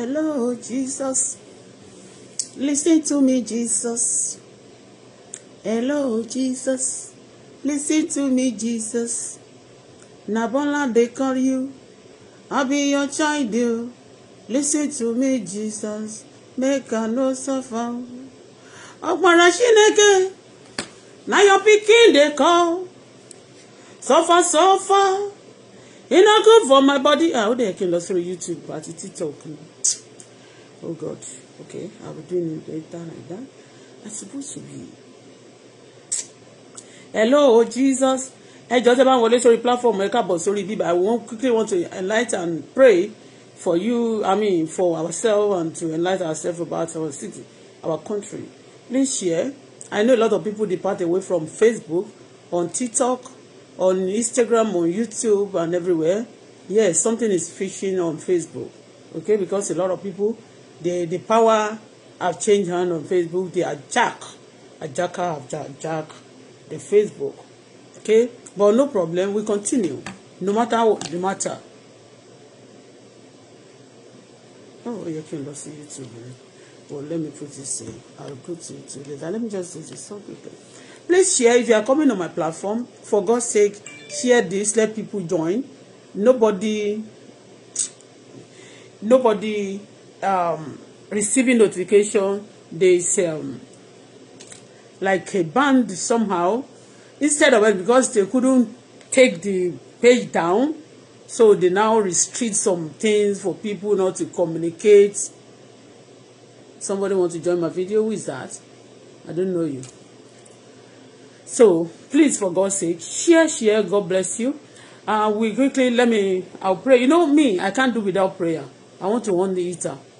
Hello, Jesus. Listen to me, Jesus. Hello, Jesus. Listen to me, Jesus. Nabola, they call you. I'll be your child, you. Listen to me, Jesus. Make I no suffer. Ọ̀pọ̀lọ̀ Chineke, na your pikin they call. Suffer, suffer. E not good for my body. Ah, ó dẹ̀ kí n lọ sórí YouTube àti talking oh God, okay, I'll be doing it later like that. I'm supposed to be. Hello, Jesus. Ẹ jọ̀ọ́ tẹ́ bá ń wọlé sórí platform ẹ káàbọ̀ sórí bíbá. I want quickly want to enlighten and pray for you, I mean for ourselves and to enlighten ourselves about our city, our country. Please share. I know a lot of people depart away from Facebook, on TikTok, on Instagram, on YouTube and everywhere. Yes, something is fishing on Facebook. Okay, because a lot of people the the power have changed hand on Facebook they are hijack hijacker have jack the Facebook okay but no problem we continue no matter what the matter. Oh, you can lose YouTube. Well, let me put this in. I'll put YouTube later. Let me just do this so Please share if you are coming on my platform. For God's sake, share this. Let people join. Nobody, nobody um, receiving notification there is um, like a band somehow instead of it because they couldn't take the page down so they now restrict some things for people not to communicate somebody want to join my video who is that I don't know you so please for God's sake share share God bless you uh, we quickly let me I'll pray you know me I can't do without prayer I want to warn the eater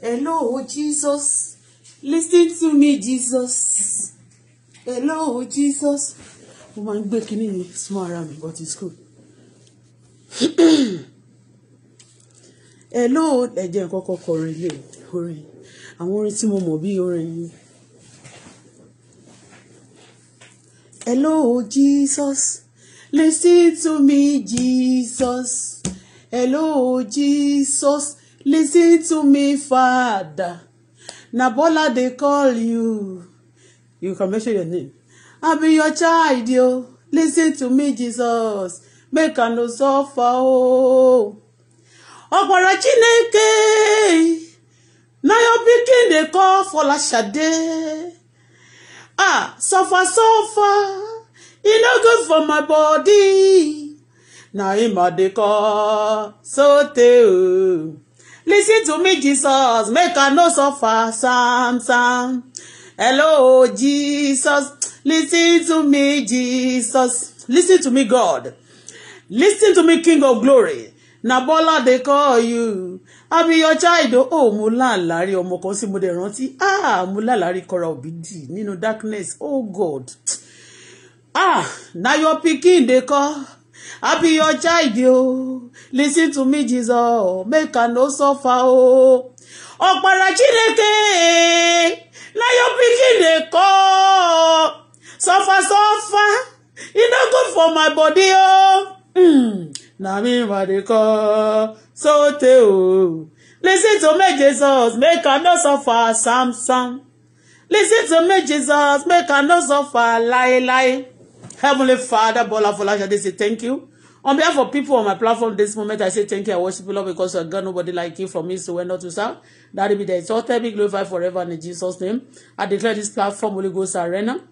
Hello, Jesus. Listen to me, Jesus. Hello, Jesus. Woman, breaking ń gbé small ara mi but it's good. Hello, ẹ̀jẹ̀ kọ́kọ́ kọrin lè orin. Àwọn orin tí mo mọ̀ bí orin yìí. Hello, Jesus. Listen to me, Jesus. Hello, Jesus. Listen to me, Father. Nabola, they call you. You can mention your name. I be your child, yo. Listen to me, Jesus. Make I no suffer, oh. Ọ̀pọ̀rọ̀ Chineke na your pikin dey call Fọláṣadé. Ah, suffer, suffer. E no good for my body. Na him I dey call Sote o. Oh. Listen to me, Jesus. Make I no suffer. Sam, Sam. Hello, Jesus. Listen to me, Jesus. Listen to me, God. Listen to me, King of Glory. Na Bola, they call you. I be your child. Oh, mo lálàrí ọmọ kan sí mo dẹ̀ rántí. Ah, mo lálàrí Kora Obidi nínú darkness. Oh, God. Ah, na your pikin, they call. I be your child, yo. Listen to me, Jesus. Make I no suffer, oh. Ọ̀pàrà Chineke, na your pikin dey call. Suffer, suffer. E no good for my body, oh. Mm. Na me ma dey call. So tey, Listen to me, Jesus. Make I no suffer, Sam, Sam. Listen to me, Jesus. Make I no suffer, lie, lie. Heavenly Father, Bola Folasha, they say thank you. On behalf of people on my platform this moment, I say thank you. I worship you, Lord, because you got nobody like you from east to west, north to south. That will be the exalted, be glorified forever in Jesus' name. I declare this platform Holy Ghost Arena.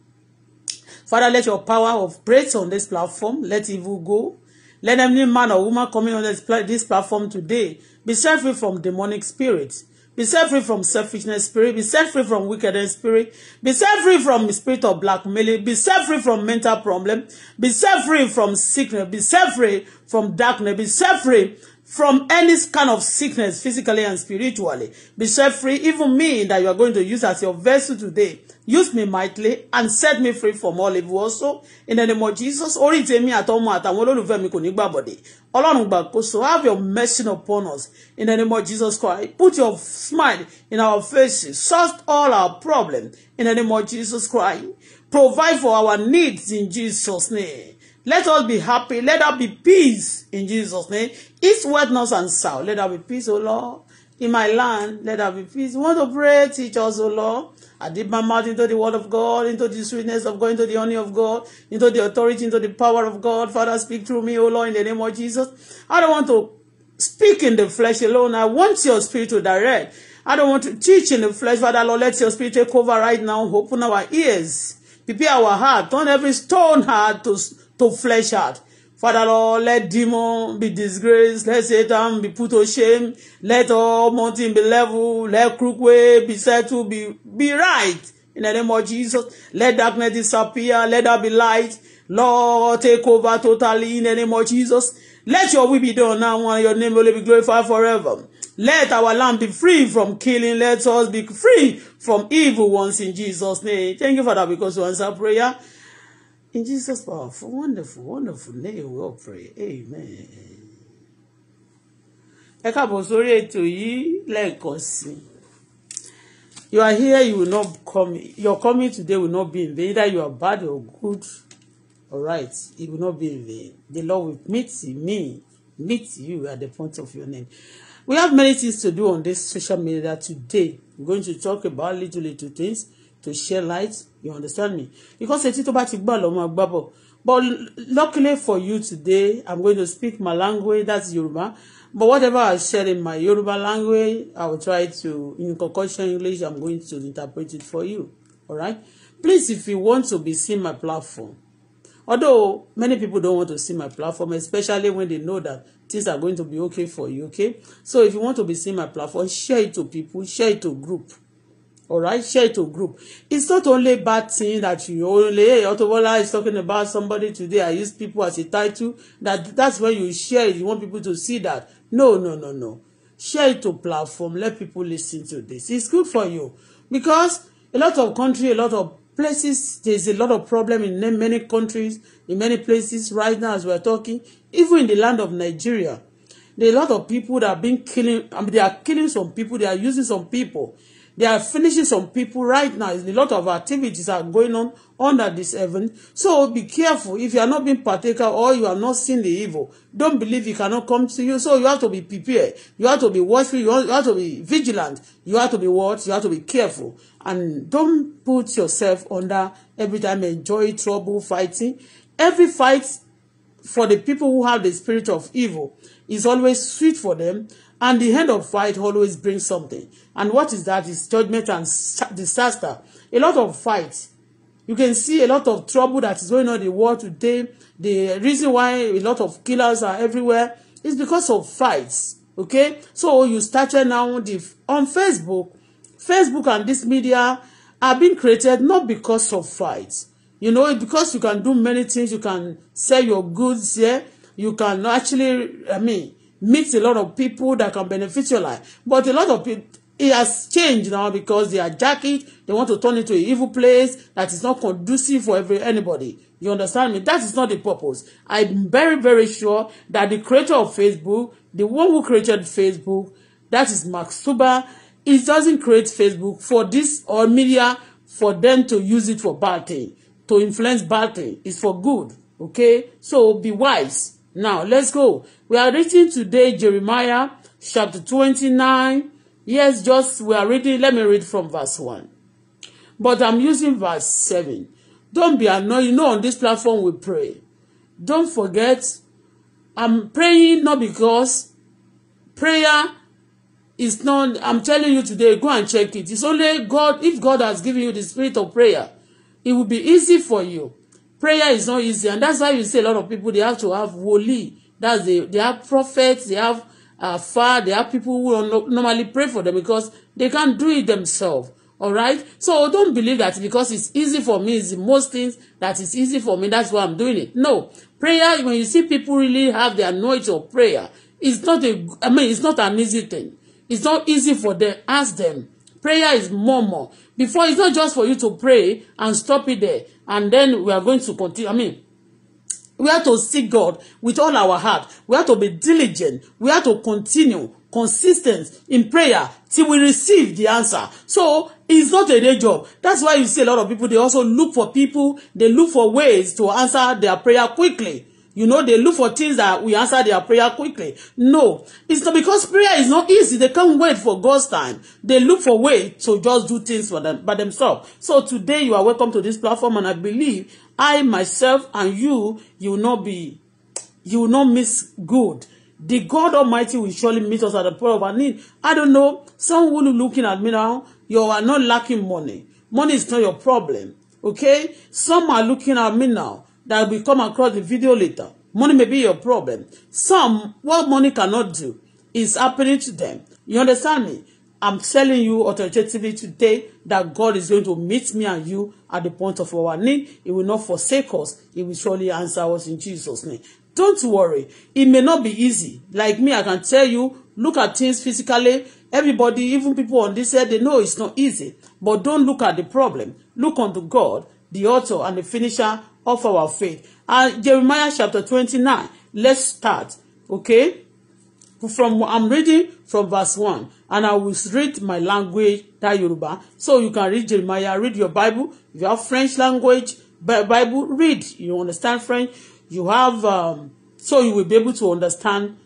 Father, let your power of praise on this platform, let evil go. Let every man or woman coming on this, this platform today be set free from demonic spirits. Be set free from selfishness spirit. Be set free from wickedness spirit. Be set free from spirit of blackmailing. Be set free from mental problem. Be set free from sickness. Be set free from darkness. Be set free from any kind of sickness, physically and spiritually. Be set free, even me that you are going to use as your vessel today. Use me mightily and set me free from all evil also. In the name of Jesus, orí tèmi àtọmọ àtàwọn olólùfẹ́ mi kò ní gbàbọ̀dé. Ọlọ́run gbàkóso, have your mercy upon us. In the name of Jesus Christ, put your smile in our faces, solve all our problems. In the name of Jesus Christ, provide for our needs in Jesus' name. Let us be happy. Let there be peace in Jesus' name. East, west, north, and south. Let there be peace, O Lord. In my land, let there be peace. We want to pray, teach us, O Lord. I dip my mouth into the word of God, into the sweetness of God, into the honor of God, into the authority, into the power of God. Father, speak through me, O Lord, in the name of Jesus. I don't want to speak in the flesh alone. I want your spirit to direct. I don't want to teach in the flesh. Father, Lord, let your spirit take over right now. Open our ears. Prepare our heart. Turn every stone heart to to flesh out. Father Lord, let demon be disgraced, let Satan be put to shame, let all mountain be level, let crooked way be settled, be, be right. In the name of Jesus, let darkness disappear, let there be light. Lord, take over totally in the name of Jesus. Let your will be done now and your name will be glorified forever. Let our land be free from killing. Let us be free from evil ones in Jesus' name. Thank you, Father, because you answer prayer. In Jesus' powerful, wonderful, wonderful name, we all pray. Amen. Ẹ káàbọ̀ sórí ètò yìí lẹ́ẹ̀kan sí You are here, you will not come. Your coming today will not be in vain. Either you are bad or good or right, it will not be in vain. The Lord will meet me, meet you at the point of your name. We have many things to do on this social media today. We're going to talk about little, little things to share light you understand me because etí tó bá ti gbà lọ́mọ gbàbọ̀ but luckily for you today i'm going to speak my language that's Yoruba but whatever i share in my Yoruba language i will try to in concoction English i'm going to interpret it for you All right. please if you want to be seen my platform although many people don't want to see my platform especially when they know that things are going to be okay for you okay so if you want to be seeing my platform share it to people share it to group Alright, share it to group. It's not only bad thing that you only hey, Auto is talking about somebody today. I use people as a title. That that's when you share it. You want people to see that. No, no, no, no. Share it to platform. Let people listen to this. It's good for you because a lot of country, a lot of places, there's a lot of problem in many countries, in many places right now as we're talking. Even in the land of Nigeria, there are a lot of people that have been killing. I mean, they are killing some people. They are using some people. They are finishing some people right now. A lot of activities are going on under this heaven. So be careful. If you are not being partaker or you are not seeing the evil, don't believe it cannot come to you. So you have to be prepared. You have to be watchful. You have to be vigilant. You have to be watch. You have to be careful. And don't put yourself under every time enjoy trouble, fighting. Every fight for the people who have the spirit of evil is always sweet for them And the end of fight always brings something. And what is that? Is judgment and disaster. A lot of fights. You can see a lot of trouble that is going on in the world today. The reason why a lot of killers are everywhere is because of fights. Okay? So you started now the, on Facebook. Facebook and this media are being created not because of fights. You know, because you can do many things. You can sell your goods here. Yeah? You can actually, I mean, meet a lot of people that can benefit your life but a lot of people it has changed now because they are jacking they want to turn it to an evil place that is not conducive for every anybody you understand me that is not the purpose i'm very very sure that the creator of facebook the one who created facebook that is Mark Zuckerberg he doesn't create facebook for this or media for them to use it for bad thing to influence bad thing it's for good okay so be wise now let's go We are reading today Jeremiah chapter 29. Yes, just we are reading. Let me read from verse 1. But I'm using verse 7. Don't be annoyed. You know, on this platform we pray. Don't forget, I'm praying not because prayer is not, I'm telling you today, go and check it. It's only God, if God has given you the spirit of prayer, it will be easy for you. Prayer is not easy. And that's why you see a lot of people, they have to have woli that's the they have prophets they have uh, far they have people who normally pray for them because they can't do it themselves all right so don't believe that because it's easy for me it's most things that is easy for me that's why i'm doing it no prayer when you see people really have their knowledge of prayer it's not a i mean it's not an easy thing it's not easy for them ask them prayer is more more before it's not just for you to pray and stop it there and then we are going to continue i mean We have to seek God with all our heart. We have to be diligent. We have to continue consistent in prayer till we receive the answer. So it's not a day job. That's why you see a lot of people, they also look for people, they look for ways to answer their prayer quickly. You know, they look for things that we answer their prayer quickly. No, it's not because prayer is not easy. They can't wait for God's time. They look for ways to just do things for them by themselves. So today you are welcome to this platform and I believe I myself and you, you will not be, you will not miss good. The God Almighty will surely meet us at the point of our need. I don't know. Someone looking at me now, you are not lacking money. Money is not your problem. Okay? Some are looking at me now that will come across the video later. Money may be your problem. Some, what money cannot do is happening to them. You understand me? I'm telling you authoritatively today that God is going to meet me and you at the point of our need. He will not forsake us. He will surely answer us in Jesus' name. Don't worry. It may not be easy. Like me, I can tell you, look at things physically. Everybody, even people on this side, they know it's not easy. But don't look at the problem. Look unto God, the author and the finisher of our faith. And Jeremiah chapter 29. Let's start. Okay? From I'm reading from verse 1 and I will read my language, that Yoruba. So you can read Jeremiah, read your Bible. If you have French language, Bible, read. You understand French. You have, um, so you will be able to understand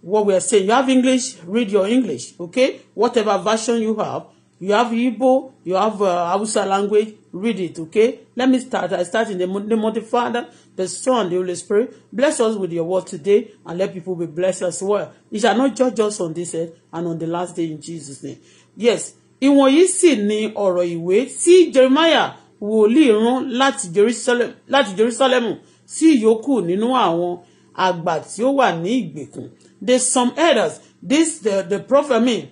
what we are saying. You have English, read your English, okay? Whatever version you have. You have Igbo, you have uh, Hausa language, read it, okay? Let me start. I start in the name of Father, the Son, and the Holy Spirit. Bless us with your word today and let people be blessed as well. You shall not judge us on this earth and on the last day in Jesus' name. Yes, ìwọ̀nyí sì ni ọ̀rọ̀ ìwé tí Jeremiah wòlíì rán láti Jerusalem láti Jerusalem sí ìyókù nínú àwọn àgbà tí ó wà ní ìgbèkùn. The some elders, this the, the prophet I mean,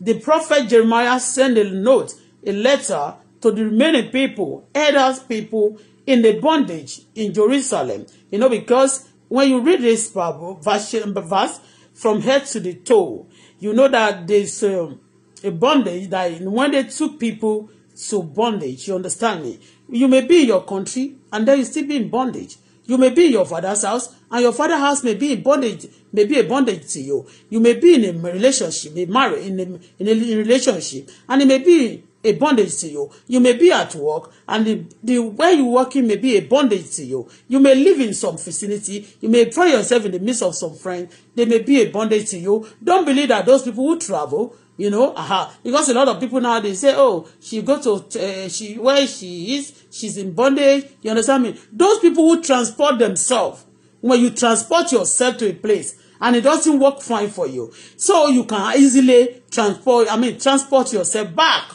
the prophet Jeremiah sent a note, a letter to the remaining people, elders people in the bondage in Jerusalem. You know, because when you read this Bible, verse from head to the toe, you know that there's um, a bondage that when they took people to bondage, you understand me? You may be in your country and then you still be in bondage. You may be in your father's house and your father's house may be in bondage, may be a bondage to you. You may be in a relationship, a marriage, in a, in a relationship, and it may be a bondage to you. You may be at work, and the, the where you're working may be a bondage to you. You may live in some vicinity. You may find yourself in the midst of some friends. They may be a bondage to you. Don't believe that those people who travel, you know, aha, because a lot of people now they say, oh, she go to uh, she where she is, she's in bondage. You understand me? Those people who transport themselves, when you transport yourself to a place, and it doesn't work fine for you. So you can easily transport, I mean, transport yourself back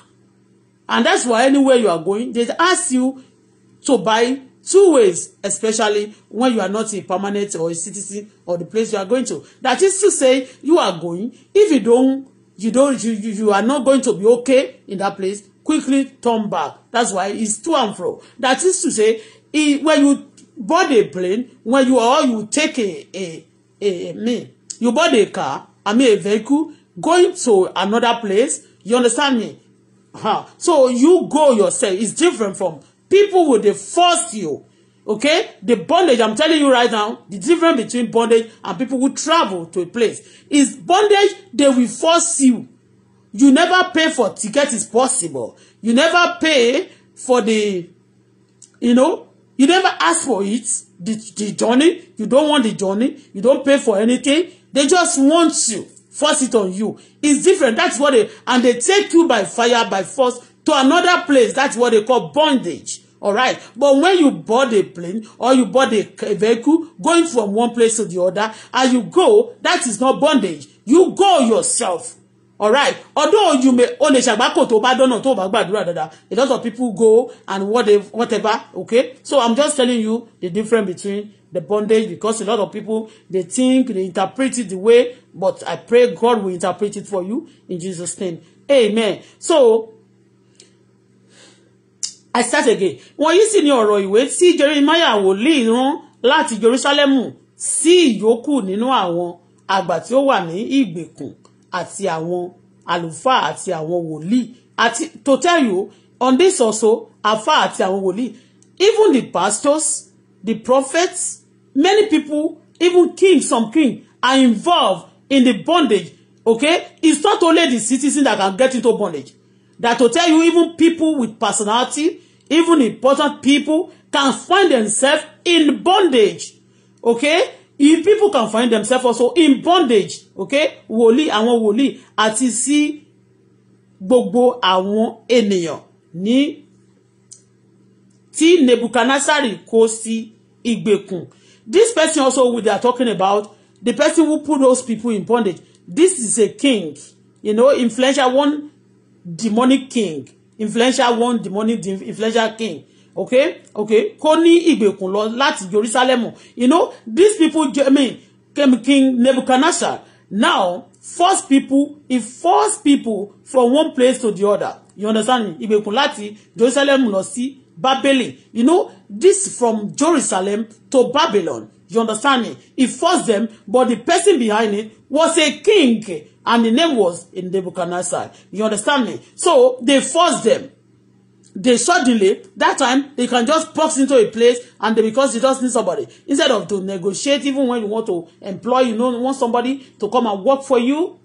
And that's why anywhere you are going, they ask you to buy two ways, especially when you are not a permanent or a citizen or the place you are going to. That is to say, you are going. If you don't, you don't, you, you, you are not going to be okay in that place, quickly turn back. That's why it's to and fro. That is to say, it, when you board a plane, when you are, you take a, a, a, a me, you board a car, I mean a vehicle, going to another place, you understand me? Huh. So you go yourself. It's different from people will they force you. Okay? The bondage, I'm telling you right now, the difference between bondage and people who travel to a place is bondage, they will force you. You never pay for ticket is possible. You never pay for the, you know, you never ask for it. The, the journey, you don't want the journey, you don't pay for anything. They just want you. force it on you it's different that's what they and they take you by fire by force to another place that's what they call bondage all right but when you board a plane or you board a vehicle going from one place to the other and you go that is not bondage you go yourself all right although you may o lè ṣàgbákò tó bá dọ́nà tó bá gbàdúrà a lot of people go and whatever okay so i'm just telling you the difference between the bondage because a lot of people they think they interpret it the way but I pray God will interpret it for you in Jesus name amen so I start again wọ̀nyí sì ni ọ̀rọ̀ ìwé tí Jeremiah wòlíì rán láti Jerusalem sí ìyókù nínú àwọn àgbà tí ó wà ní ìgbèkùn àti àwọn àlùfáà àti àwọn wòlíì àti to tell you on this also àfáà àti àwọn wòlíì even the pastors the prophets Many people, even king, some king, are involved in the bondage. Okay? It's not only the citizen that can get into bondage. That will tell you even people with personality, even important people, can find themselves in bondage. Okay? If people can find themselves also in bondage. Okay? Wòlíì, àwọn wòlíì, àti sí gbogbo àwọn ènìyàn ní tí Nebukadnasari kó sí ìgbèkùn. This person also who they are talking about, the person who put those people in bondage, this is a king, you know, influential one, demonic king, influential one, demonic, influential king. Okay, okay, Koni ní ìgbèkùn lọ láti Jerusalem. You know, these people, I mean, King Nebuchadnezzar now force people, he force people from one place to the other. You understand me? Ìgbèkùn láti Jerusalem lọ sí Babylon. You know, this from Jerusalem to Babylon. You understand me? He forced them, but the person behind it was a king, and the name was Nebuchadnezzar. You understand me? So they forced them. They suddenly, that time, they can just box into a place and they, because you just need somebody. Instead of to negotiate, even when you want to employ, you know, you want somebody to come and work for you,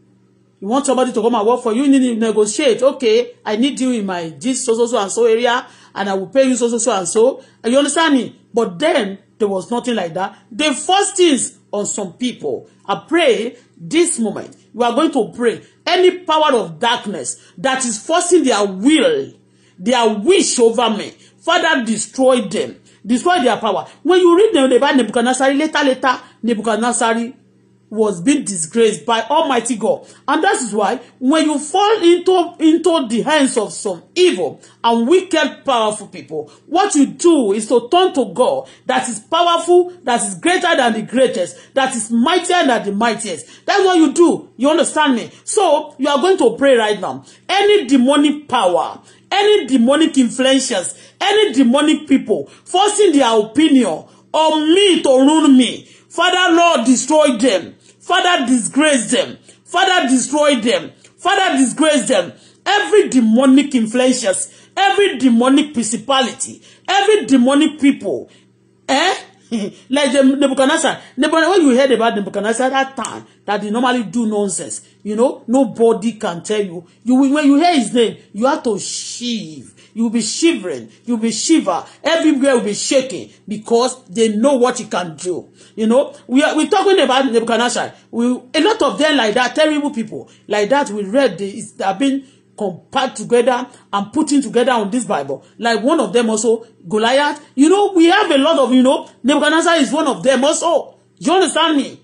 you want somebody to come and work for you you need to negotiate okay I need you in my this so so so and so area and I will pay you so so so and so and you understand me but then there was nothing like that they force things on some people I pray this moment we are going to pray any power of darkness that is forcing their will their wish over me father destroy them destroy their power when you read the Bible Nebuchadnezzar later later Nebuchadnezzar was being disgraced by Almighty God. And that is why when you fall into, into the hands of some evil and wicked, powerful people, what you do is to turn to God that is powerful, that is greater than the greatest, that is mightier than the mightiest. That's what you do. You understand me? So you are going to pray right now. Any demonic power, any demonic influences, any demonic people forcing their opinion on me to ruin me. Father, Lord, destroy them. Father, disgrace them. Father, destroy them. Father, disgrace them. Every demonic influences, every demonic principality, every demonic people, eh? like the Nebuchadnezzar. Nebuchadnezzar, when you heard about Nebuchadnezzar that time, that they normally do nonsense, you know, nobody can tell you. You when you hear his name, you have to shiv. You'll be shivering. You'll be shiver. Everywhere will be shaking because they know what he can do. You know, we are, we're talking about Nebuchadnezzar. We, a lot of them like that, terrible people like that, we read, they, they have been compared together and putting together on this Bible. Like one of them also, Goliath. You know, we have a lot of, you know, Nebuchadnezzar is one of them also. You understand me?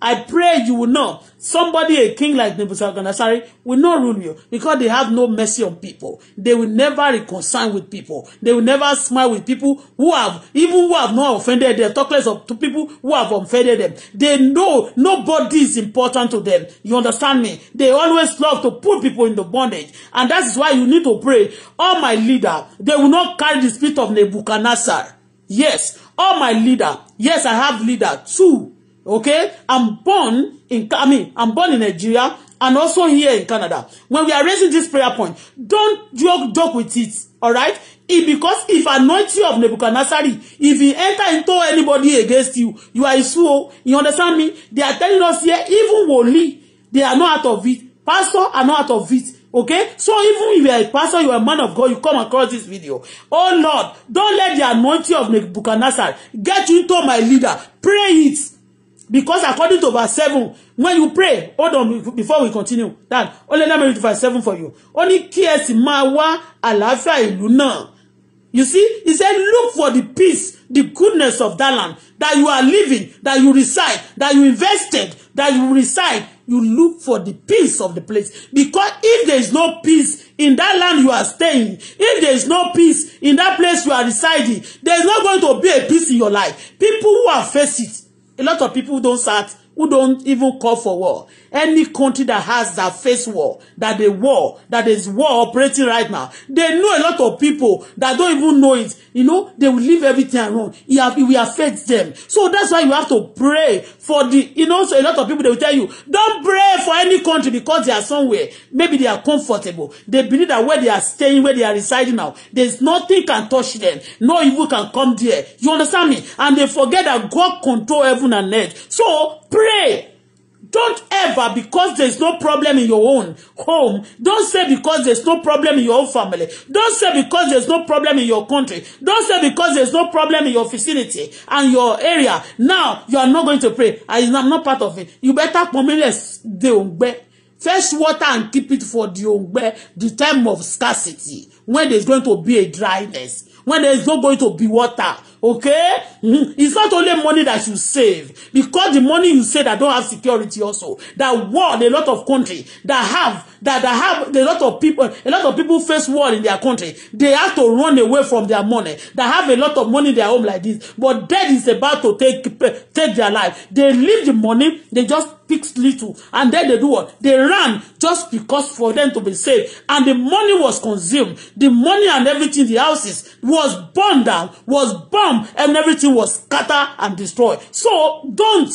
I pray you will not. Somebody, a king like Nebuchadnezzar, will not rule you because they have no mercy on people. They will never reconcile with people. They will never smile with people who have, even who have not offended them, talk less of to people who have offended them. They know nobody is important to them. You understand me? They always love to put people in the bondage. And that is why you need to pray. All my leader, they will not carry the spirit of Nebuchadnezzar. Yes, all my leader. Yes, I have leader. Two okay i'm born in i mean i'm born in nigeria and also here in canada when we are raising this prayer point don't joke joke with it all right it because if anointing of Nebuchadnezzar if he enter into anybody against you you are a fool. you understand me they are telling us here even woli they are not out of it pastor are not out of it okay so even if you are a pastor you are a man of God you come across this video oh Lord don't let the anointing of Nebuchadnezzar get you into my leader pray it Because according to verse seven, when you pray, hold on before we continue, that only let me read verse seven for you. Only cares kí ẹ sì máa wá àlàáfíà ìlú náà. You see, he said, look for the peace, the goodness of that land that you are living, that you reside, that you invested, that you reside. You look for the peace of the place. Because if there is no peace in that land you are staying, if there is no peace in that place you are residing, there is not going to be a peace in your life. People who are facing a lot of people don't start who don't even call for war Any country that has that face war, that the war, that is war operating right now, they know a lot of people that don't even know it. You know, they will leave everything around. It, have, it will affect them. So that's why you have to pray for the, you know, so a lot of people, they will tell you, don't pray for any country because they are somewhere. Maybe they are comfortable. They believe that where they are staying, where they are residing now, there's nothing can touch them. No evil can come there. You understand me? And they forget that God control heaven and earth. So pray Don't ever, because there's no problem in your own home, don't say because there's no problem in your own family. Don't say because there's no problem in your country. Don't say because there's no problem in your vicinity and your area. Now, you are not going to pray. I am not part of it. You better pomeles de ongbe. Fetch water and keep it for the ongbe, the time of scarcity, when there's going to be a dryness, when there's not going to be water. Okay? Mm-hmm. It's not only money that you save. Because the money you save that don't have security also. That war, a lot of country that have that, that have a lot of people, a lot of people face war in their country. They have to run away from their money. They have a lot of money in their home like this. But death is about to take take their life. They leave the money, they just pick little, and then they do what? They ran just because for them to be safe. And the money was consumed. The money and everything, the houses was burned down, was burned storm and everything was scattered and destroyed. So don't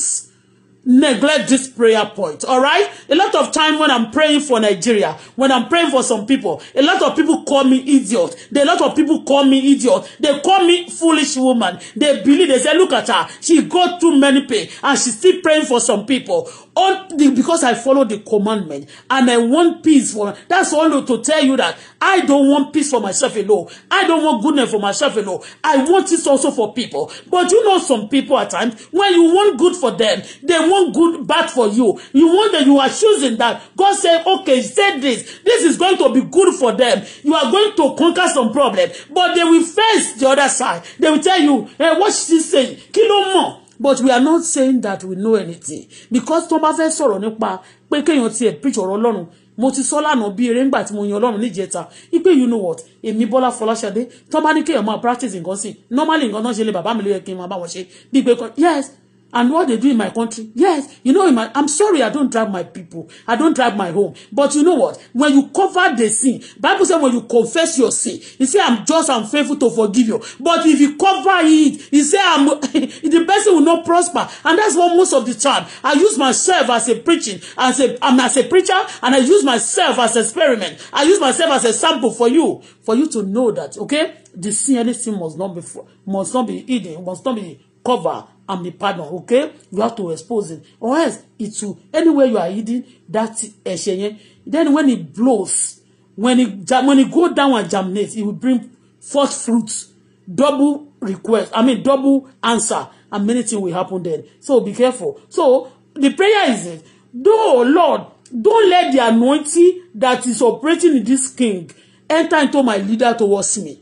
neglect this prayer point all right a lot of time when i'm praying for nigeria when i'm praying for some people a lot of people call me idiot a lot of people call me idiot they call me foolish woman they believe they say look at her she got too many pain and she's still praying for some people all because I follow the commandment and I want peace for that's all to tell you that I don't want peace for myself alone. I don't want goodness for myself alone. I want it also for people. But you know some people at times when you want good for them, they want good bad for you. You want that you are choosing that. God said, okay, say this. This is going to be good for them. You are going to conquer some problem. But they will face the other side. They will tell you, hey, eh, what she say? Kill no more.'" but we are not saying that we know anything because tó bá fẹ́ sọ̀rọ̀ nípa pé kéèyàn tiẹ̀ preach ọ̀rọ̀ ọlọ́run mo ti sọ lánàá bí eré ńgbà tí mo yan ọlọ́run níjẹta ipe you know what èmi bọ́lá fọláṣadé tó bá ní kéèyàn máa practice nǹkan sí normally nǹkan náà ṣe lé bàbá mi ló yẹ kí n máa bá wọn ṣe bí pé yes and what they do in my country yes you know in my i'm sorry i don't drive my people i don't drive my home but you know what when you cover the sin bible say when you confess your sin he say i'm just and faithful to forgive you but if you cover it he say i'm the person will not prosper and that's what most of the time i use myself as a preaching as a i'm as a preacher and i use myself as experiment i use myself as a sample for you for you to know that okay the sin anything must not be must not be hidden must not be covered and be pardoned okay you have to expose it or else it will anywhere you are hidden that ẹ̀ṣẹ̀ then when it blows when it when it go down and germinate it will bring forth fruits, double request i mean double answer and many things will happen then so be careful so the prayer is it though lord don't let the anointing that is operating in this king enter into my leader towards me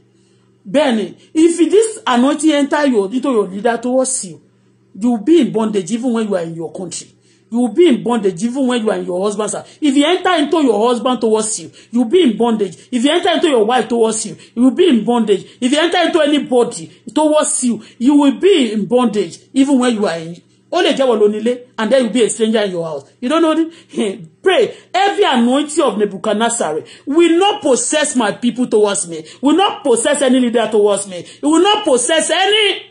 bẹ́ẹ̀ni if this anointing enter your into your leader towards you you will be in bondage even when you are in your country you will be in bondage even when you are in your husband's house if you enter into your husband towards you you will be in bondage if you enter into your wife towards you you will be in bondage if you enter into anybody towards you you will be in bondage even when you are in ó lè jẹ́wọ́ and there will be a stranger in your house you don't know this pray every anointing of Nebuchadnezzar will not possess my people towards me will not possess any leader towards me it will not possess any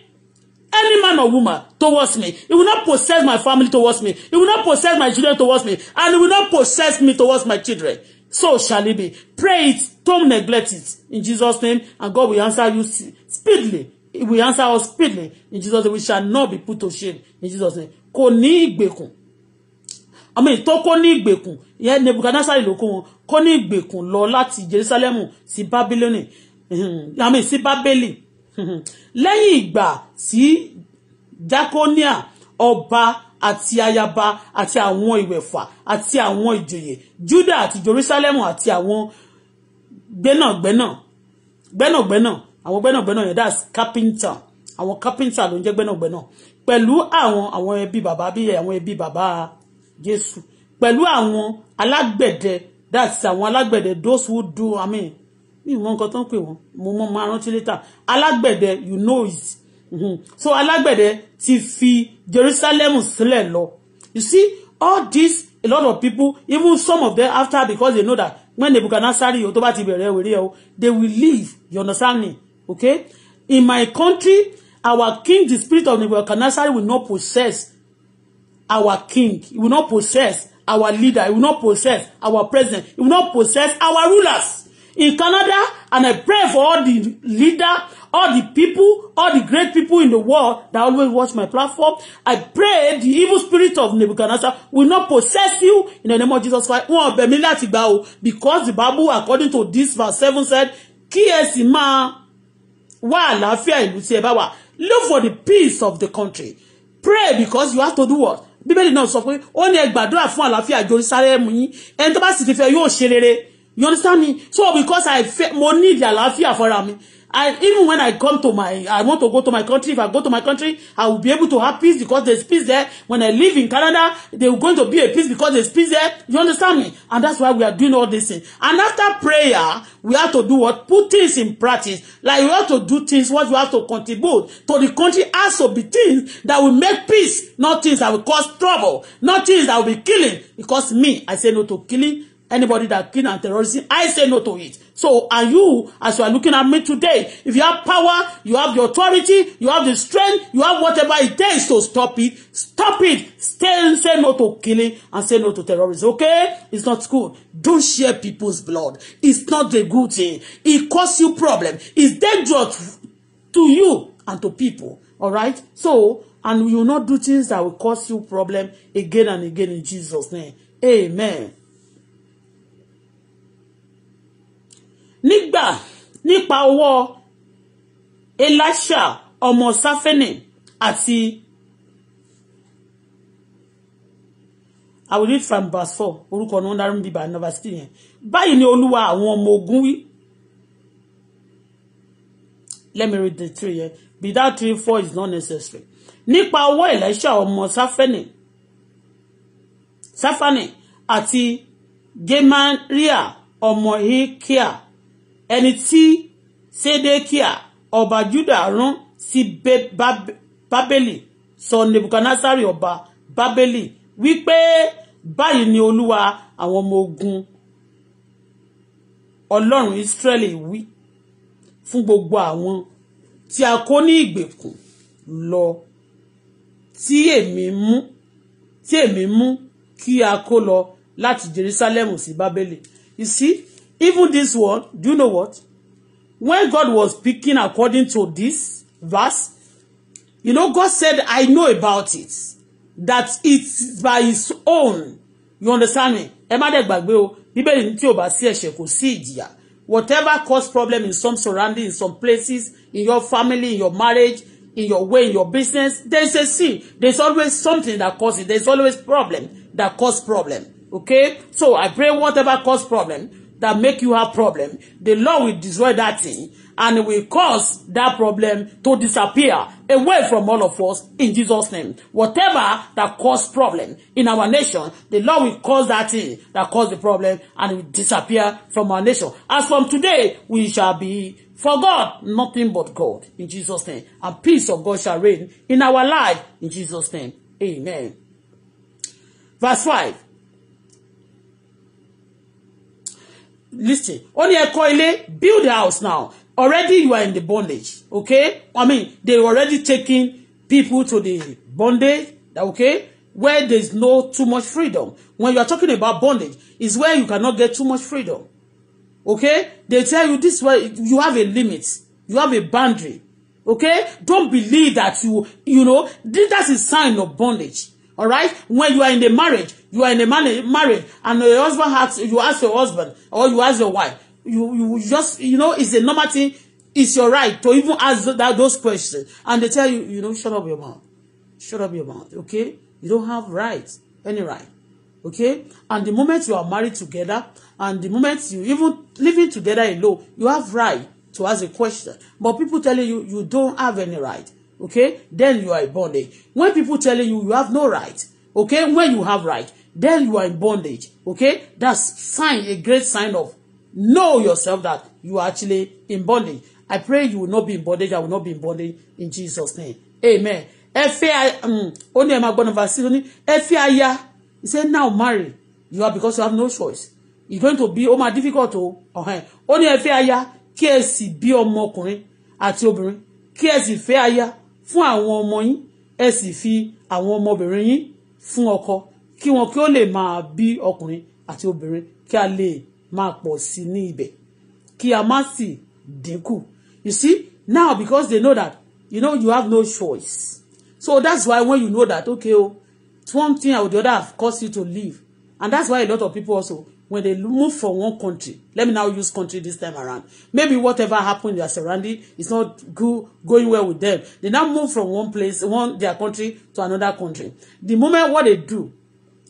any man or woman towards me. He will not possess my family towards me. He will not possess my children towards me. And he will not possess me towards my children. So shall it be. Pray it. Don't neglect it. In Jesus' name. And God will answer you speedily. He will answer us speedily. In Jesus' name. We shall not be put to shame. In Jesus' name. Kò ní ìgbèkùn. Àmì ìtọ́kọ́ ní ìgbèkùn. Ìyẹn Nebuchadnezzar ìlòkó wọn. Kó ní ìgbèkùn lọ láti Jerusalem sí Bábílónì. Àmì sí babeli. lẹ́yìn ìgbà tí dakonia ọba àti ayaba àti àwọn ìwẹ̀fà àti àwọn ìjòyè juda àti jerusalemu àti àwọn gbẹ́nàgbẹ́nà gbẹ́nàgbẹ́nà àwọn gbẹ́nàgbẹ́nà yẹn that's carpenter àwọn carpenter ló ń jẹ́ gbẹ́nàgbẹ́nà pẹ̀lú àwọn àwọn ẹbí bàbá bí àwọn ẹbí bàbá Jésù pẹ̀lú àwọn alágbẹ̀dẹ that's àwọn alágbẹ̀dẹ those who do I mean mi mọ nǹkan tó ń pè wọ́n mo mọ máa rántí létà alágbẹ̀dẹ you know it mm-hmm. so alágbẹ̀dẹ ti fi Jerusalem sílẹ̀ lọ you see all this a lot of people even some of them after because they know that when Nebuchadnezzar yìí tó bá ti bẹ̀rẹ̀ wèrè o they will leave you understand me okay in my country our king the spirit of Nebuchadnezzar will not possess our king he will not possess our leader he will not possess our president he will not possess our rulers in Canada and I pray for all the leader, all the people, all the great people in the world that always watch my platform. I pray the evil spirit of Nebuchadnezzar will not possess you in the name of Jesus Christ. Wọ́n ọ̀bẹ̀ mi láti gbà o because the Bible according to this verse seven said kíyèsí máa wá àlàáfíà ìlú tí ẹ bá wà look for the peace of the country pray because you have to do what bíbélì náà sọ pé ó ní ẹ gbàdúrà fún àlàáfíà Jerúsálẹ́mù yín ẹni tó bá sì ti fẹ́ yóò ṣe rere you understand me so because i fe mo need àlàáfíà for mi i even when i come to my i want to go to my country if i go to my country i will be able to have peace because there is peace there when i live in Canada there is going to be a peace because there is peace there you understand me and that's why we are doing all these things and after prayer we have to do what put things in practice like you have to do things what you have to contribute to the country has to be things that will make peace not things that will cause trouble not things that will be killing because me i say no to killing anybody that kill and terrorism i say no to it so and you as you are looking at me today if you have power you have the authority you have the strength you have whatever it takes to stop it stop it stay say no to killing and say no to terrorism okay it's not cool don't share people's blood it's not a good thing it cause you problem it's dangerous to you and to people all right so and you will not do things that will cause you problem again and again in jesus name amen nígbà nípa ọwọ́ elisha ọmọ sáfẹ́nì àti I will read from verse four orúkọ ní wọ́n darí ń bíbá number sixteen yẹn báyìí ni olúwa àwọn ọmọ ogun wí let me read the three yẹn be that three four is not necessary nípa ọwọ́ elisha ọmọ Safeni sáfẹ́nì àti gemaria ọmọ hikia ẹni tí sédékíà ọba júdà rán sí bábélì sọ nebukadnasari ọba bábélì wípé báyìí ni olúwa àwọn ọmọ ogun ọlọ́run israẹli wí fún gbogbo àwọn tí a kó ní ìgbèkùn lọ tí èmi mú tí èmi mú kí a kó lọ láti jerusalem sí bábélì you see Even this one, do you know what? When God was speaking according to this verse, you know, God said, I know about it. That it's by his own. You understand me? Ẹ má dẹ̀ gbàgbé o, Bíbélì Whatever cause problem in some surroundings, in some places, in your family, in your marriage, in your way, in your business, there is a sin. There is always something that causes. There is always problem that cause problem. Okay? So I pray whatever cause problem, that make you have problem, the Lord will destroy that thing and will cause that problem to disappear away from all of us in Jesus' name. Whatever that cause problem in our nation, the Lord will cause that thing that cause the problem and will disappear from our nation. As from today, we shall be for God, nothing but God in Jesus' name. And peace of God shall reign in our life in Jesus' name. Amen. Verse five. listen ó ní ẹ ilé build the house now already you are in the bondage okay i mean they already taking people to the bondage okay where there is no too much freedom when you are talking about bondage is where you cannot get too much freedom okay they tell you this way you have a limit you have a boundary okay don't believe that you you know that is sign of bondage All right? When you are in the marriage, you are in a marriage, and your husband has, you ask your husband or you ask your wife. You, you just, you know, it's a normal thing. It's your right to even ask that, those questions. And they tell you, you know, shut up your mouth. Shut up your mouth, okay? You don't have right any right, okay? And the moment you are married together, and the moment you even living together alone, you have right to ask a question. But people telling you, you don't have any right okay then you are in bondage when people telling you you have no right okay when you have right then you are in bondage okay that's sign a great sign of know yourself that you are actually in bondage I pray you will not be in bondage I will not be in bondage in Jesus name amen ẹ fẹ́ um, ó ní ẹ máa gbọ́dọ̀ vaccine aya he say now marry you are because you have no choice it's going to be ó máa difficult o ó ní ẹ fẹ́ aya kí ẹ sì bí ọmọkùnrin àti obìnrin kí ẹ sì aya fún àwọn ọmọ yín ẹ sì fi àwọn ọmọbìnrin yín fún ọkọ kí wọn kí ó lè máa bí ọkùnrin àti obìnrin kí a lè máa pọ̀ sí ní ibẹ̀ kí a má sì dínkù you see now because they know that you know you have no choice so that's why when you know that okay o oh, one thing or the other have caused you to leave and that's why a lot of people also when they move from one country let me now use country this time around maybe whatever happened in their surrounding is not go going well with them they now move from one place one their country to another country the moment what they do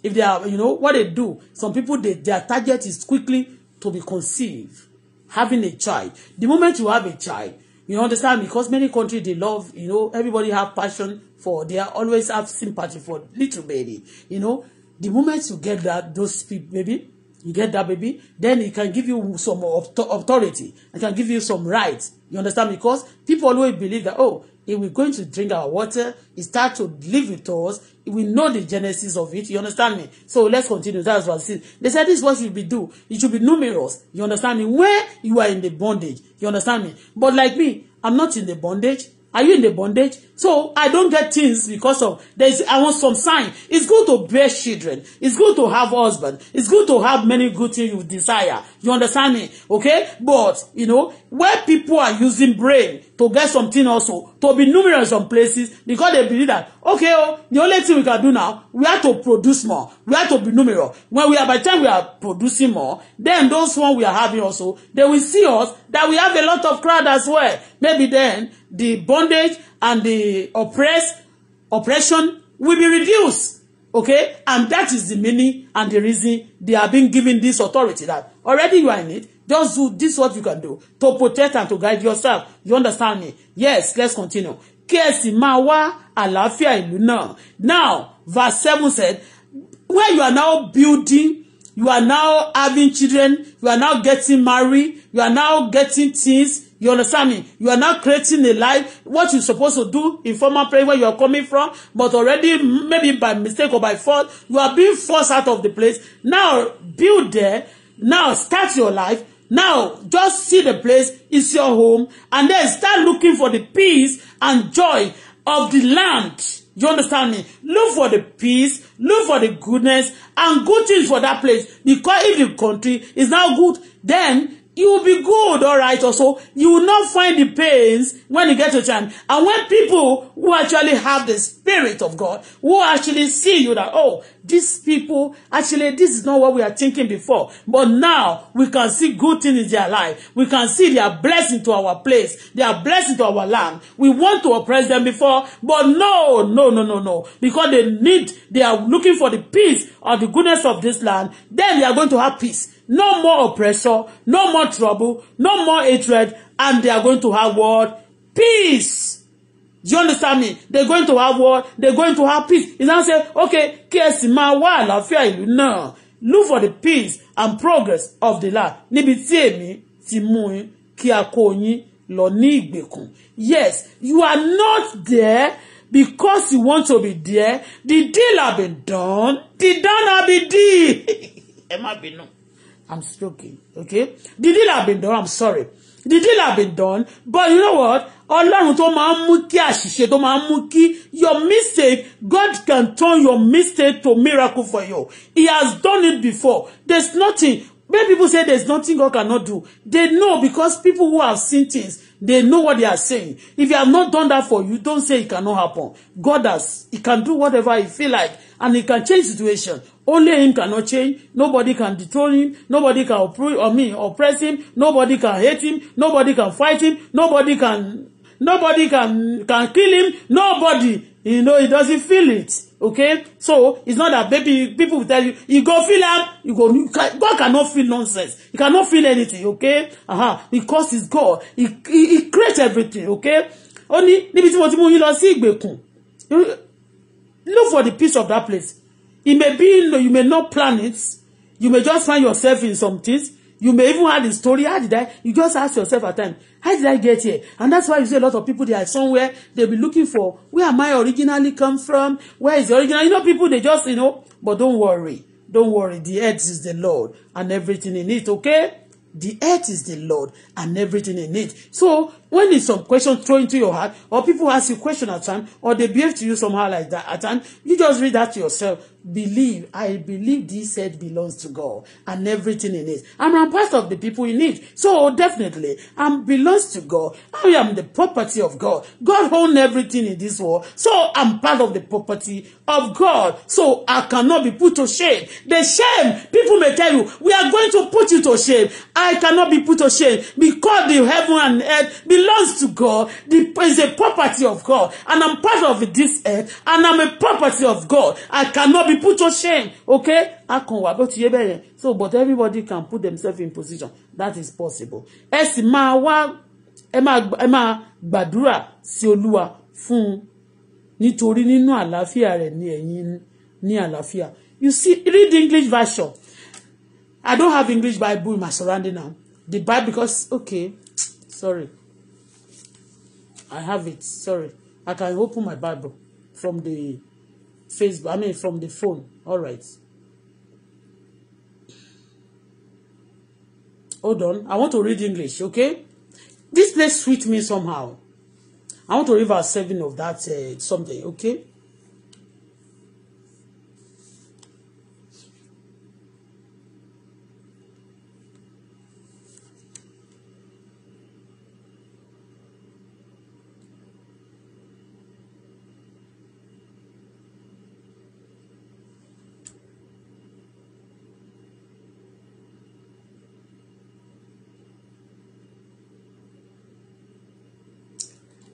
if they are you know what they do some people they, their target is quickly to be conceived having a child the moment you have a child you understand because many countries they love you know everybody have passion for they are always have sympathy for little baby you know the moment you get that those people maybe You get that, baby? Then it can give you some authority. It can give you some rights. You understand? Because people always believe that, oh, if we're going to drink our water, it start to live with us. We know the genesis of it. You understand me? So let's continue. That's what it is. They said this is what should be do. It should be numerous. You understand me? Where you are in the bondage. You understand me? But like me, I'm not in the bondage. Are you in the bondage? so i don't get things because of there is i want some sign it's good to bear children it's good to have husband it's good to have many good things you desire you understand me okay but you know where people are using brain to get something also to be numerous some places because they believe that okay oh the only thing we can do now we have to produce more we have to be numerous when we are by the time we are producing more then those one we are having also they will see us that we have a lot of crowd as well maybe then the bondage and the oppress, oppression will be reduced okay and that is the meaning and the reason they are being given this authority that already you are in it just do this what you can do to protect and to guide yourself you understand me yes let's continue Kesi Mawa Alafia máa wá now verse seven said where you are now building you are now having children you are now getting married you are now getting things You understand me? You are not creating a life. What you're supposed to do in formal prayer where you are coming from, but already maybe by mistake or by fault, you are being forced out of the place. Now build there. Now start your life. Now just see the place. It's your home. And then start looking for the peace and joy of the land. You understand me? Look for the peace, look for the goodness, and good things for that place. Because if the country is not good, then You will be good, all right, also. You will not find the pains when you get to time. And when people who actually have the Spirit of God, who actually see you that, oh, these people, actually, this is not what we are thinking before. But now, we can see good things in their life. We can see they are blessing to our place. They are blessing to our land. We want to oppress them before, but no, no, no, no, no. Because they need, they are looking for the peace or the goodness of this land. Then they are going to have peace. No more oppressor, no more trouble, no more hatred, and they are going to have what? Peace. Do you understand me? They're going to have what? They're going to have peace. He not say, okay, kí ẹ sì máa wá àlàáfíà ìlú náà. Look for the peace and progress of the land. Níbi tí èmi ti mú yín kí a kó yín lọ ní ìgbèkùn. Yes, you are not there because you want to be there. The deal have been done. The done have been deal. Ẹ má bínú. I'm joking. Okay? The deal have been done. I'm sorry. The deal have been done. But you know what? Ọlọ́run tó máa ń mú kí àṣìṣe tó máa ń mú kí your mistake God can turn your mistake to miracle for you. He has done it before. There's nothing many people say there's nothing God cannot do. They know because people who have seen things, they know what they are saying. If he has not done that for you, don't say it cannot happen. God has. He can do whatever he feel like and he can change situation. Only him cannot change. Nobody can dethrone him. Nobody can oppre or me, oppress him. Nobody can hate him. Nobody can fight him. Nobody can nobody can can kill him. Nobody. You know, he doesn't feel it. Okay? So it's not that baby people tell you, you go feel am, you go you can, God cannot feel nonsense. He cannot feel anything, okay? Uh-huh. Because he's God. He, he, he creates everything, okay? Ó ní níbi tí mo ti mú yín lọ sí ìgbèkùn. Look for the peace of that place. It may be, you may not plan it. You may just find yourself in some things. You may even have the story. How did I? You just ask yourself at times, how did I get here? And that's why you see a lot of people, they are somewhere, they'll be looking for, where am I originally come from? Where is the original? You know, people, they just, you know, but don't worry. Don't worry. The earth is the Lord and everything in it, okay? The earth is the Lord and everything in it. So when is some question throw into your heart or people ask you question at time or they behave to you somehow like that at time you just read that to yourself believe I believe this said belongs to God and everything in it and I'm part of the people in it so definitely I'm belongs to God I am the property of God God own everything in this world so I'm part of the property of God so I cannot be put to shame the shame people may tell you we are going to put you to shame I cannot be put to shame because the heaven and earth belong belongs to God. The, is a property of God. And I'm part of this earth. And I'm a property of God. I cannot be put to shame. Okay? I can wá bó ti So, but everybody can put themselves in position. That is possible. Ẹ ma wa ema ẹ máa ẹ fun nitori sí Olúwa fún ni nítorí ni alafia. You see, read English version. I don't have English Bible in my surrounding now. The Bible because okay, sorry. I have it sorry I can open my Bible from the Facebook I mean from the phone all right hold on I want to read English okay this place sweet me somehow I want to read verse seven of that uh, something okay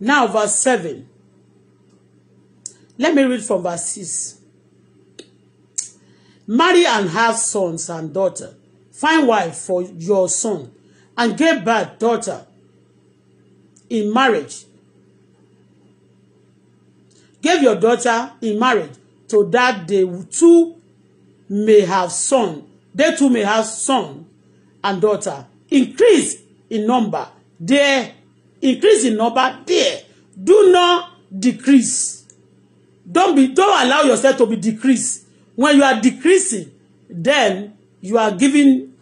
Now, verse 7. Let me read from verse 6. Marry and have sons and daughter. Find wife for your son and give birth daughter in marriage. Give your daughter in marriage so that they too may have son. They too may have son and daughter. Increase in number. There increase in number there do not decrease don't be don't allow yourself to be decreased when you are decreasing then you are giving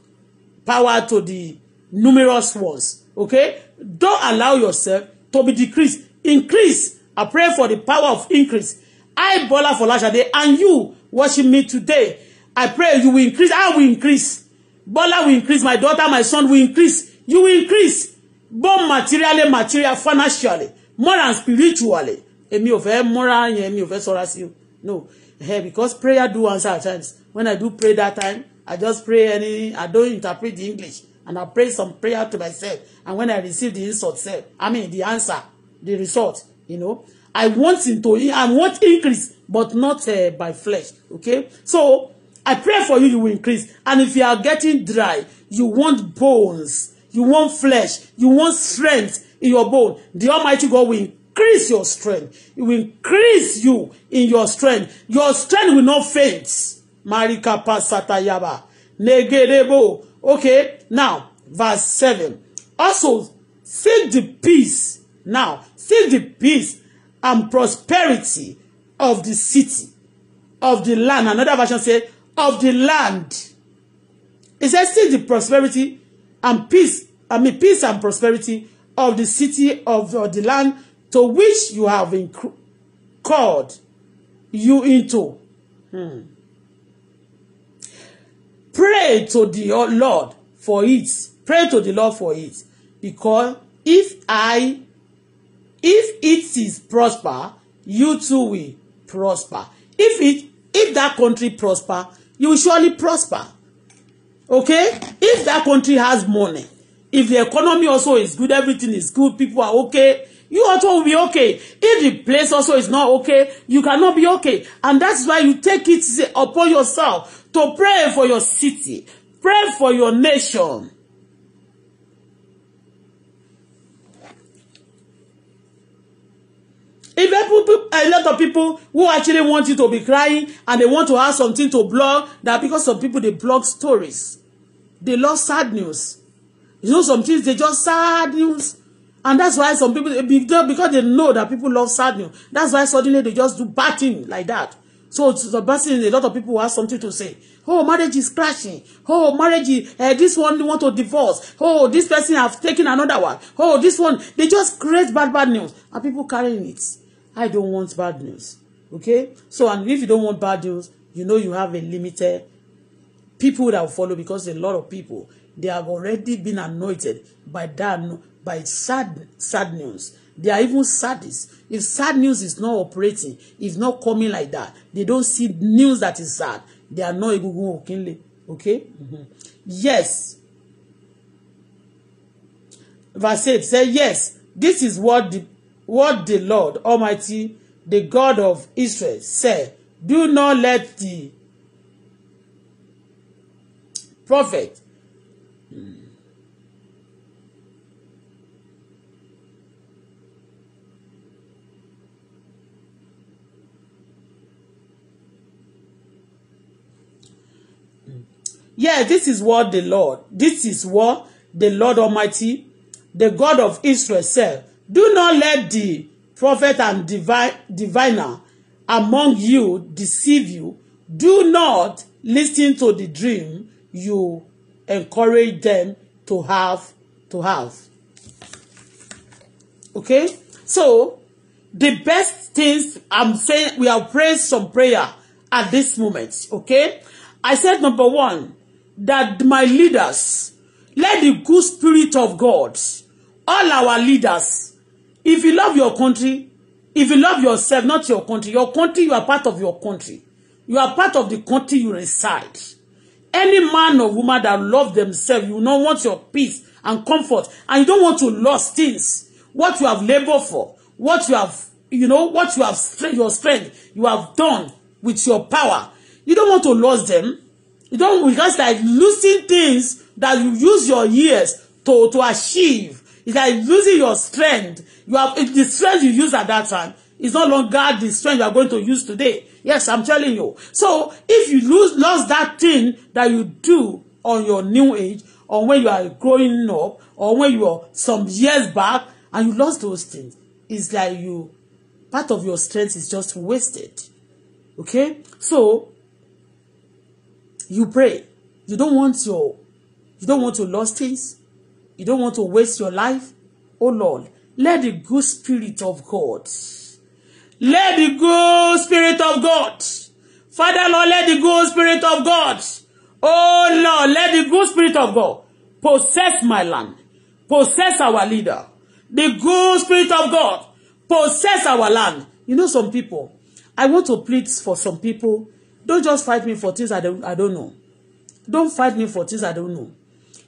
power to the numerous ones okay don't allow yourself to be decreased increase I pray for the power of increase I Bola Folashade and you watching me today I pray you will increase I will increase Bola will increase my daughter my son will increase you will increase both materially material financially more than spiritually èmi ò fẹ́ mọ́ra yẹn èmi ò fẹ́ sọ́ra sí no eh, because prayer do answer at times when I do pray that time I just pray any I don't interpret the English and I pray some prayer to myself and when I receive the insult self I mean the answer the result you know I want to I want increase but not uh, by flesh okay so I pray for you you will increase and if you are getting dry you want bones You want flesh. You want strength in your bone. The Almighty God will increase your strength. He will increase you in your strength. Your strength will not faint. Marika pasata yaba Negerebo. Okay, now, verse seven. Also, seek the peace. Now, seek the peace and prosperity of the city, of the land. Another version says, of the land. He says, seek the prosperity and peace, I mean peace and prosperity of the city of or the land to which you have called you into. Hmm. Pray to the Lord for it. Pray to the Lord for it. Because if I, if it is prosper, you too will prosper. If it, if that country prosper, you will surely prosper. Okay? If that country has money, if the economy also is good, everything is good, people are okay, you also will be okay. If the place also is not okay, you cannot be okay. And that's why you take it upon yourself to pray for your city, pray for your nation. Even a lot of people who actually want you to be crying and they want to have something to blog, that because some people they blog stories, they love sad news. You know, some things they just sad news. And that's why some people, because they know that people love sad news, that's why suddenly they just do bad thing like that. So the person, a lot of people have something to say. Oh, marriage is crashing. Oh, marriage, is, uh, this one want to divorce. Oh, this person have taken another one. Oh, this one, they just create bad, bad news. And people carrying it. I don't want bad news. Okay? So, and if you don't want bad news, you know you have a limited people that will follow because a lot of people, they have already been anointed by that, by sad, sad news. They are even saddest. If sad news is not operating, if not coming like that, they don't see news that is sad. They are not a egungun okinle. Okay? Mm-hmm. Yes. Verse 8 said, yes, this is what the what the Lord Almighty, the God of Israel, said, Do not let the prophet hmm. Yeah, this is what the Lord, this is what the Lord Almighty, the God of Israel said. Do not let the prophet and divi diviner among you deceive you. Do not listen to the dream you encourage them to have to have. Okay? So, the best things I'm saying, we have prayed some prayer at this moment. Okay? I said number one, that my leaders, let the good spirit of God, all our leaders, If you love your country, if you love yourself, not your country, your country, you are part of your country. You are part of the country you reside. Any man or woman that love themselves, you don't want your peace and comfort, and you don't want to lose things. What you have labored for, what you have, you know, what you have, your strength, you have done with your power. You don't want to lose them. You don't, because like losing things that you use your years to, to achieve It's like losing your strength. You have the strength you use at that time is no longer the strength you are going to use today. Yes, I'm telling you. So if you lose lost that thing that you do on your new age, or when you are growing up, or when you are some years back, and you lost those things, it's like you part of your strength is just wasted. Okay? So you pray. You don't want your you don't want to lose things You don't want to waste your life. Oh Lord, let the good spirit of God, let the good spirit of God, Father Lord, let the good spirit of God, oh Lord, let the good spirit of God possess my land, possess our leader. The good spirit of God possess our land. You know some people, I want to plead for some people, don't just fight me for things I don't, I don't know. Don't fight me for things I don't know.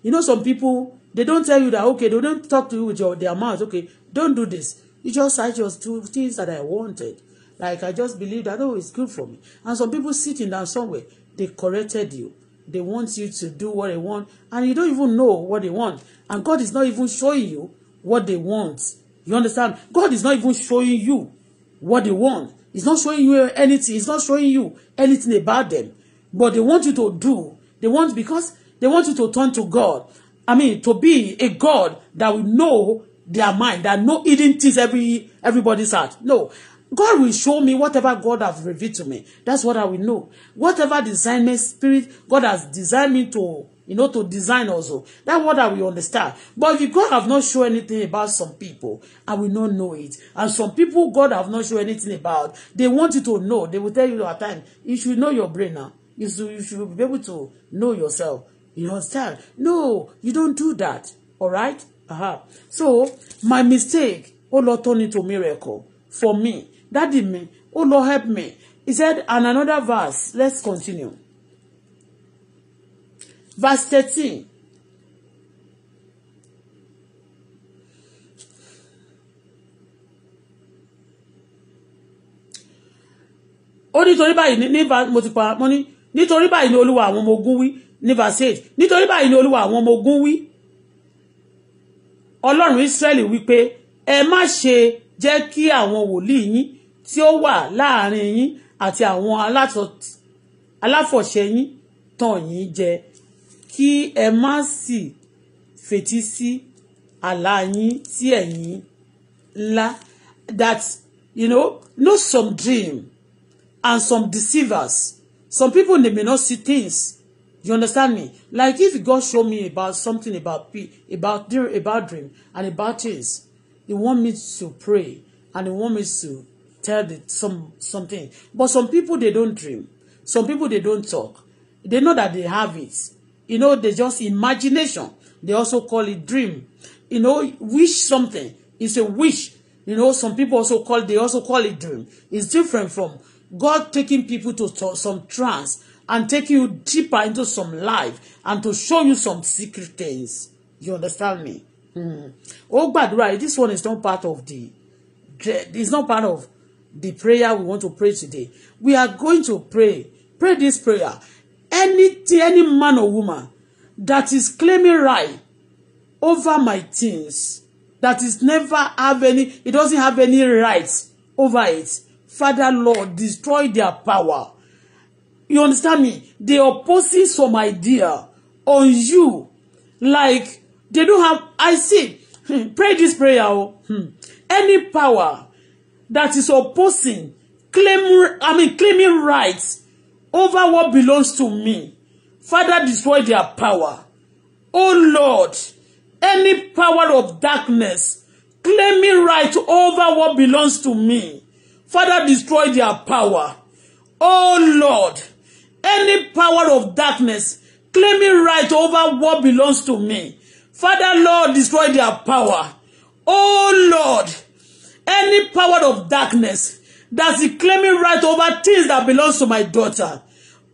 You know some people, They don't tell you that, okay, they don't talk to you with your, their mouth, okay, don't do this. You just, I just do things that I wanted. Like, I just believe that, oh, it's good for me. And some people sitting down somewhere, they corrected you. They want you to do what they want, and you don't even know what they want. And God is not even showing you what they want. You understand? God is not even showing you what they want. He's not showing you anything. He's not showing you anything about them. But they want you to do. They want because they want you to turn to God. I mean, to be a God that will know their mind, that no hidden things every everybody's heart. No. God will show me whatever God has revealed to me. That's what I will know. Whatever design my spirit God has designed me to, you know, to design also. That's what I will understand. But if God have not shown anything about some people, I will not know it. And some people God have not shown anything about, they want you to know. They will tell you at time, you should know your brain now. You should, you should be able to know yourself in hostile. No, you don't do that. All right? Uh-huh. So, my mistake, Oh Lord, turn into miracle for me. Daddy me. Oh Lord, help me. He said, and another verse. Let's continue. Verse 13. ó nítorí báyìí ní mo ti pa mọ́ ní nítorí báyìí ni olúwa àwọn ọmọ ogun wí ní verse eight nítorí báyìí ni olúwa àwọn ọmọ ogun wí ọlọ́run israẹli wípé ẹ má ṣe jẹ́ kí àwọn wòlíì yín tí ó wà láàrin yín àti àwọn aláfọ̀ṣẹ yín tàn yín jẹ kí ẹ má sì fetí sí àlá yín tí ẹ̀yin ńlá that you know know some dream and some deceivers some people they may not see things You understand me? Like if God show me about something about about about dream and about things, He want me to pray and He want me to tell the, some something. But some people they don't dream. Some people they don't talk. They know that they have it. You know, they just imagination. They also call it dream. You know, wish something. It's a wish. You know, some people also call they also call it dream. It's different from God taking people to, to some trance and take you deeper into some life and to show you some secret things. You understand me? Hmm. Oh, God, right, this one is not part of the, it's not part of the prayer we want to pray today. We are going to pray, pray this prayer. Any, any man or woman that is claiming right over my things, that is never have any, it doesn't have any rights over it. Father, Lord, destroy their power you understand me they opposing some idea on you like they don't have I see hmm, pray this prayer oh hmm. any power that is opposing claim I mean claiming rights over what belongs to me Father destroy their power oh Lord any power of darkness claiming right over what belongs to me Father destroy their power oh Lord Any power of darkness claiming right over what belongs to me. Father, Lord, destroy their power. Oh, Lord, any power of darkness that's claiming right over things that belongs to my daughter.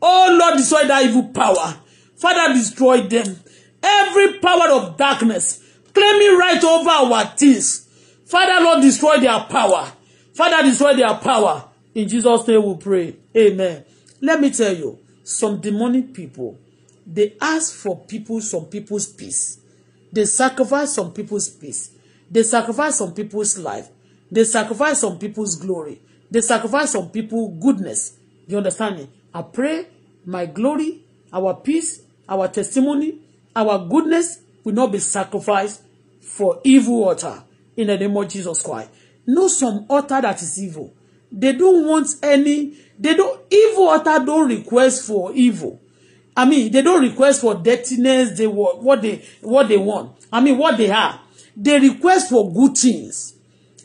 Oh, Lord, destroy that evil power. Father, destroy them. Every power of darkness claiming right over our things. Father, Lord, destroy their power. Father, destroy their power. In Jesus' name we pray. Amen. Let me tell you, some demonic people they ask for people some people's peace they sacrifice some people's peace they sacrifice some people's life they sacrifice some people's glory they sacrifice some people goodness you understand me I pray my glory our peace our testimony our goodness will not be sacrificed for evil altar in the name of Jesus Christ know some altar that is evil they don't want any they don't evil author don't request for evil i mean they don't request for dirtiness they want what they what they want i mean what they are they request for good things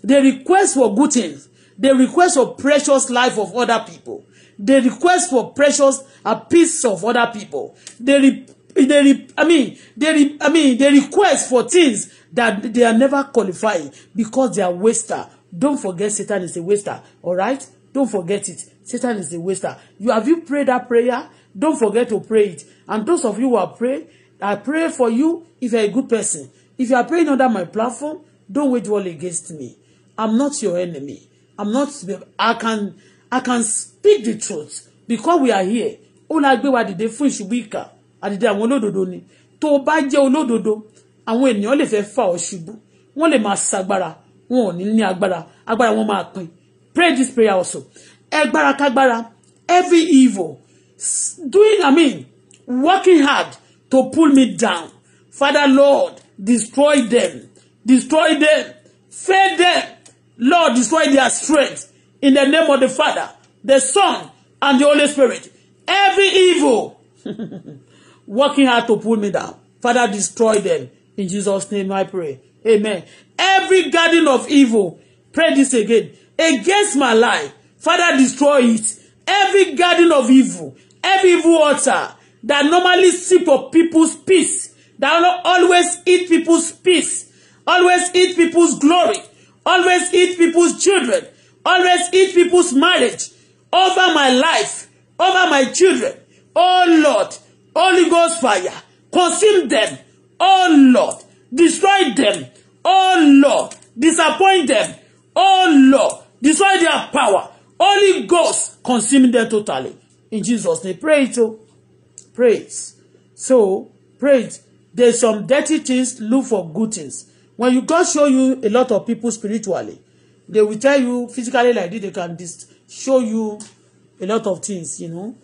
they request for good things they request for precious life of other people they request for precious a piece of other people they re, they re, i mean they re, i mean they request for things that they are never qualifying because they are waster don't forget Satan is a waster all right don't forget it Satan is a waster. You have you prayed that prayer? Don't forget to pray it. And those of you who are praying, I pray for you if you're a good person. If you are praying under my platform, don't wage war against me. I'm not your enemy. I'm not. I can I can speak the truth because we are here. Ó la gbé wa dìde fún ìṣubú ìkà àdìde àwọn olódodo ni. Tó o bá jẹ́ olódodo, àwọn ènìyàn lè fẹ́ fà ọ́ ṣubú. Wọ́n lè máa ṣagbára. Wọn ò ní ní agbára. pin. Pray this prayer also. ẹgbára kágbára every evil doing i mean working hard to pull me down father lord destroy them destroy them fail them lord destroy their strength in the name of the father the son and the holy spirit every evil working hard to pull me down father destroy them in jesus name i pray amen every garden of evil pray this again against my life Father, destroy it. Every garden of evil, every evil altar that normally sip of people's peace, that always eat people's peace, always eat people's glory, always eat people's children, always eat people's marriage, over my life, over my children. Oh Lord, Holy Ghost fire, consume them. Oh Lord, destroy them. Oh Lord, disappoint them. Oh Lord, destroy their power. Holy Ghost consume them totally. In Jesus' name, pray oh. so, praise, So, praise. There's some dirty things, look for good things. When you God show you a lot of people spiritually, they will tell you physically like this, they can just show you a lot of things, you know.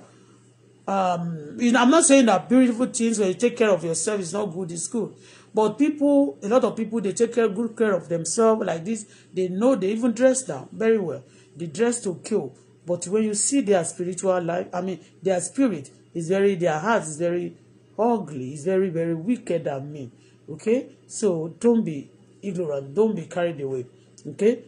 Um, you know, I'm not saying that beautiful things when you take care of yourself is not good, it's good. But people, a lot of people, they take care, good care of themselves like this. They know they even dress down very well. The dress to kill. But when you see their spiritual life, I mean, their spirit is very, their heart is very ugly, it's very, very wicked than me. Okay? So don't be ignorant, don't be carried away. Okay?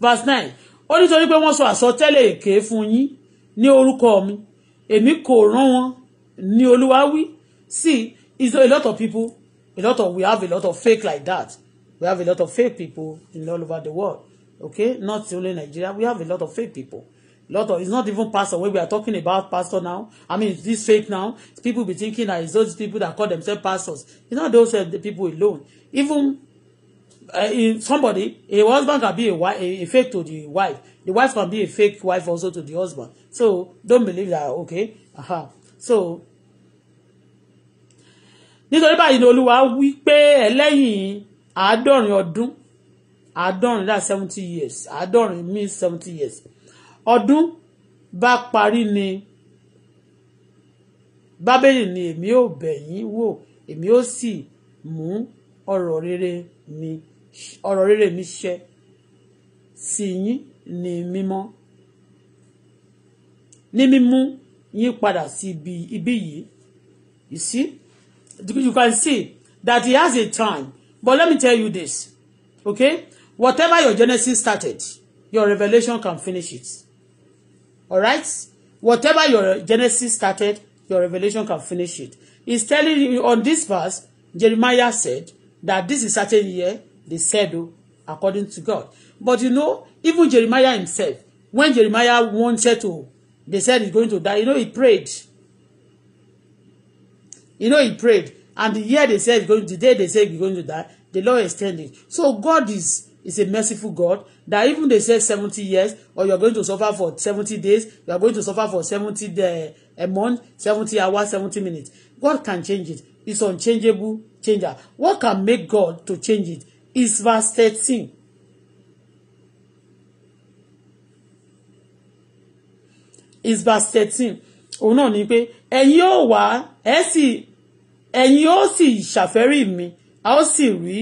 Verse nine. Ó nítorí pé wọ́n sọ àsọtẹ́lẹ̀ èké fún yín ní orúkọ mi, èmi kò rán wọn ní Olúwa wí. See, is a lot of people, a lot of we have a lot of fake like that. We have a lot of fake people in all over the world. Okay, not only Nigeria. We have a lot of fake people. Lot of it's not even pastor when we are talking about pastor now. I mean, this fake now. People be thinking that it's those people that call themselves pastors. It's not those uh, people alone. Even uh, in somebody, a husband can be a, wife, a, a fake to the wife. The wife can be a fake wife also to the husband. So don't believe that. Okay, uh-huh. So nítorí báyìí ni Olúwa wí ẹlẹ́yìn àádọ́rin ọdún àádọ́rin dá seventy years àádọ́rin means seventy years ọdún bá parí ni bábélì ni èmi ò bẹ̀ yín wò èmi ò sì mú ọ̀rọ̀ rere mi ọ̀rọ̀ rere mi ṣẹ sí yín ní mímọ́ ní mímú yín padà sí ibi ibi yìí you see you can see that he has a time But let me tell you this, okay? Whatever your Genesis started, your Revelation can finish it. All right? Whatever your Genesis started, your Revelation can finish it. It's telling you on this verse, Jeremiah said that this is certain year, they said, oh, according to God. But you know, even Jeremiah himself, when Jeremiah wanted to, they said he's going to die, you know, he prayed. You know, he prayed and the year they say going to the day they say you're going to die the law extend it so God is is a merciful God that even they say seventy years or you're going to suffer for seventy days you are going to suffer for seventy day, uh, a month seventy hours seventy minutes God can change it it's unchangeable changer what can make God to change it is verse thirteen. is verse thirteen òun náà ni pé ẹ̀yin ò wá ẹ̀ sì ẹ̀yin ó sì ṣàfẹ́rí mi a ó sì rí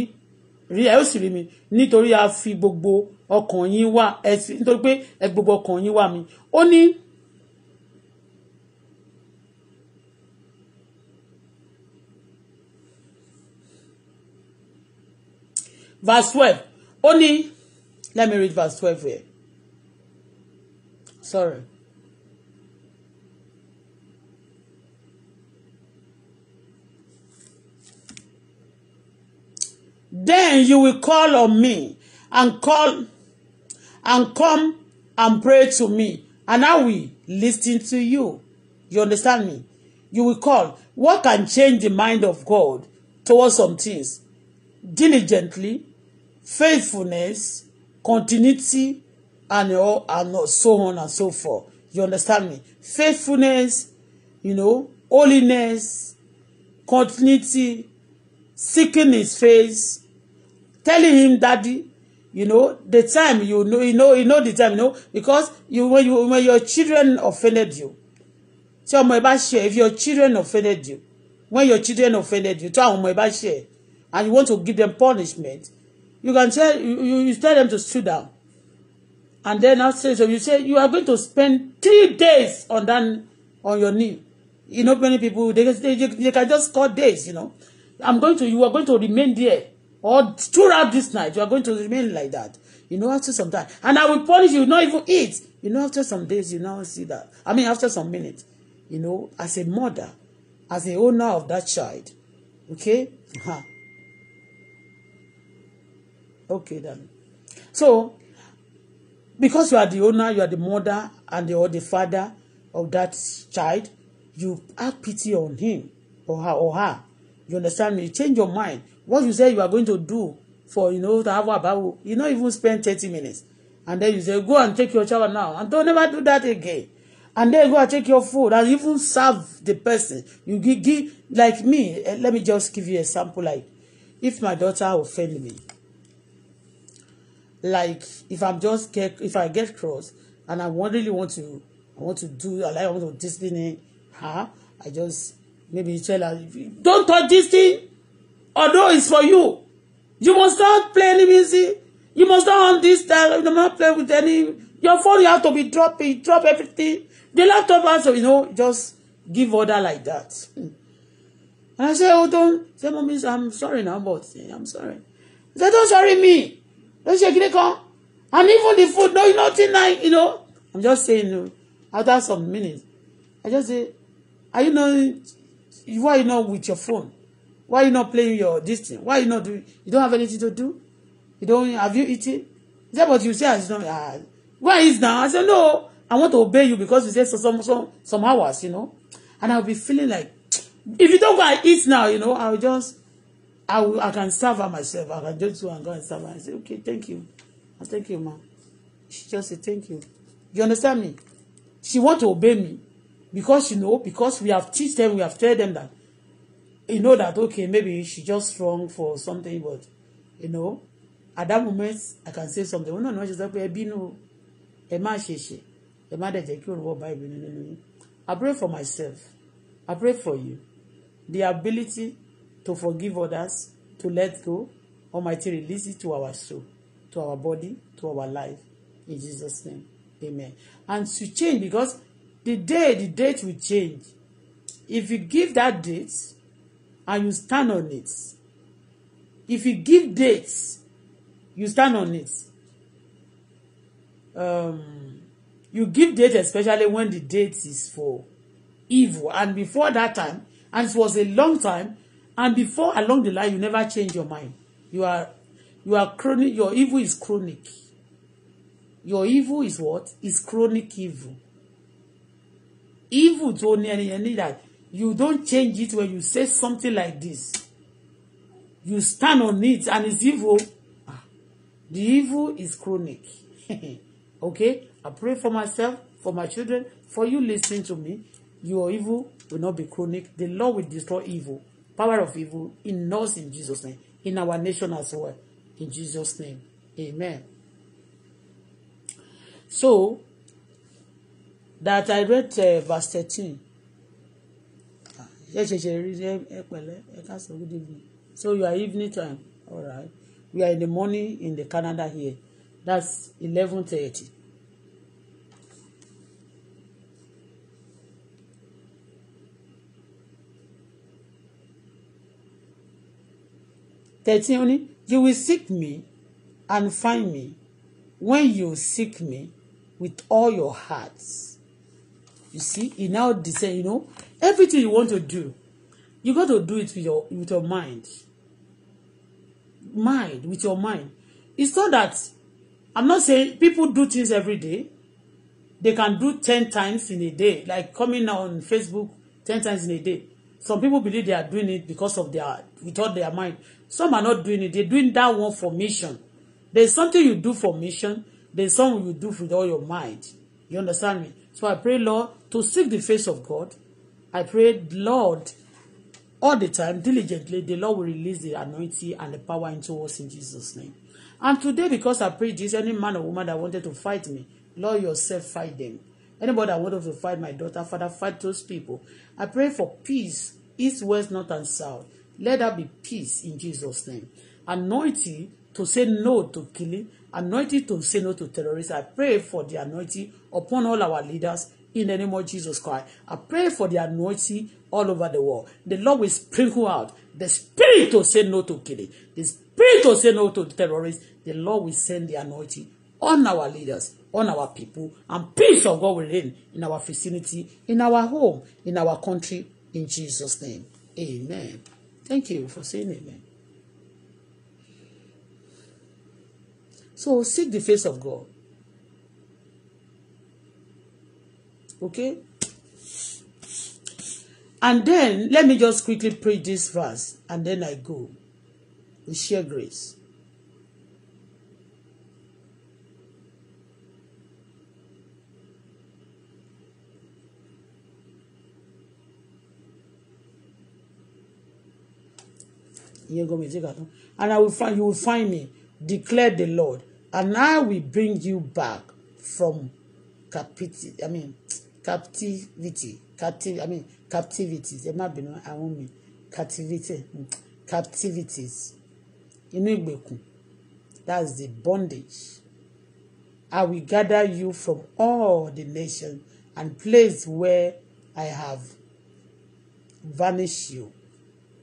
rí ẹ ó sì rí mi nítorí a fi gbogbo ọkàn yín wá ẹ sì nítorí pé ẹ gbogbo ọkàn yín wá mi ó ní. verse twelve ó ní let me read verse twelve here sorry Then you will call on me and call and come and pray to me, and I will listen to you. You understand me? You will call. What can change the mind of God towards some things? Diligently, faithfulness, continuity, and all and so on and so forth. You understand me? Faithfulness, you know, holiness, continuity, seeking his face, telling him, Daddy, you know, the time you know, you know, you know the time, you know, because you when you when your children offended you. So ọmọ ẹ bá ṣe, if your children offended you, when your children offended you, tó ọmọ ẹ bá ṣe, and you want to give them punishment, you can tell you, you, tell them to sit down. And then after so you say you are going to spend three days on that on your knee. You know, many people they, they, they can just call days, you know. I'm going to, you are going to remain there. Or throughout this night, you are going to remain like that. You know, after some time. And I will punish you, not even eat. You know, after some days, you now see that. I mean, after some minutes, you know, as a mother, as the owner of that child. Okay? Uh-huh. Okay, then. So, because you are the owner, you are the mother, and the, or the father of that child, you have pity on him or her or her You understand me? change your mind. What you say you are going to do for, you know, to have about, you not even spend thirty minutes. And then you say, go and take your shower now. And don't ever do that again. And then go and take your food and even serve the person. You give, give like me, eh, let me just give you an example. Like, if my daughter offend me, like if I'm just get, if I get cross and I really want to, I want to do, I like, I want to discipline her, I just Maybe you tell her, don't touch this thing. Although it's for you. You must not play any music. You must not on this time. You must not play with any. Your phone, you have to be dropping. Drop everything. The laptop also, you know, just give order like that. And I say, oh, don't. Say, mommy, I'm sorry now, but eh, I'm sorry. They don't sorry me. Don't say, can come? And even the food, no, nothing like, you know. I'm just saying, after some minutes, I just say, are you not why you not with your phone? Why you not playing your this thing? Why you not do? You don't have anything to do? You don't have you eaten? Is that what you say? I not, uh, why is now? I say no. I want to obey you because you said so some some some hours, you know. And I'll be feeling like if you don't go and eat now, you know, I'll just I will I can serve her myself. I can just go and go and serve her. I say, okay, thank you. I thank you, ma. She just say thank you. You understand me? She want to obey me because you know because we have teach them we have tell them that you know that okay maybe she just strong for something but you know at that moment i can say something wọn no, ni wọn ṣe sọ pé ẹbí nù ẹ má ṣe ṣe ẹ má dẹ̀ jẹ́ kí olùwọ́ bá ìbínú i pray for myself i pray for you the ability to forgive others to let go Almighty release it to our soul to our body to our life in Jesus name amen and to change because the day the date will change if you give that date and you stand on it if you give dates you stand on it um, you give date especially when the date is for evil and before that time and it was a long time and before along the line you never change your mind you are you are chronic your evil is chronic your evil is what is chronic evil evil tó ní ẹni yẹn that you don't change it when you say something like this you stand on it and it's evil ah, the evil is chronic okay I pray for myself for my children for you listening to me your evil will not be chronic the Lord will destroy evil power of evil in us in Jesus name in our nation as well in Jesus name amen so that I read uh, verse thirteen ah, ṣe ṣe ṣe rí ẹ pẹ̀lẹ́ ẹ káàsán good evening so you are evening time all right we are in the morning in the Canada here that's eleven thirty. thirteen only. you will seek me and find me when you seek me with all your hearts. You see, he now decide, you know, everything you want to do, you got to do it with your with your mind. Mind, with your mind. It's not that I'm not saying people do things every day. They can do ten times in a day, like coming on Facebook ten times in a day. Some people believe they are doing it because of their, without their mind. Some are not doing it. they doing that one for mission. There's something you do for mission. There's something you do with all your mind. You understand me? So I pray, Lord, to seek the face of God. I pray, Lord, all the time, diligently, the Lord will release the anointing and the power into us in Jesus' name. And today, because I pray this, any man or woman that wanted to fight me, Lord, yourself fight them. Anybody that wanted to fight my daughter, Father, fight those people. I pray for peace, east, west, north, and south. Let there be peace in Jesus' name. Anointing to say no to killing, anointing to say no to terrorists. I pray for the anointing upon all our leaders in the name of Jesus Christ. I pray for the anointing all over the world. The Lord will sprinkle out the spirit to say no to killing, the spirit to say no to terrorists. The Lord will send the anointing on our leaders, on our people, and peace of God will reign in our vicinity, in our home, in our country, in Jesus' name. Amen. Thank you for saying amen. So seek the face of God. Okay? And then let me just quickly pray this verse and then I go. We share grace. And I will find you will find me. Declare the Lord and now we bring you back from captivity. I mean, captivity. Captive. I mean, captivities. Ẹ má bínú àwọn mi. Captivity. Captivities. Inú ìgbèkùn. That's the bondage. I will gather you from all the nations and place where I have vanished you.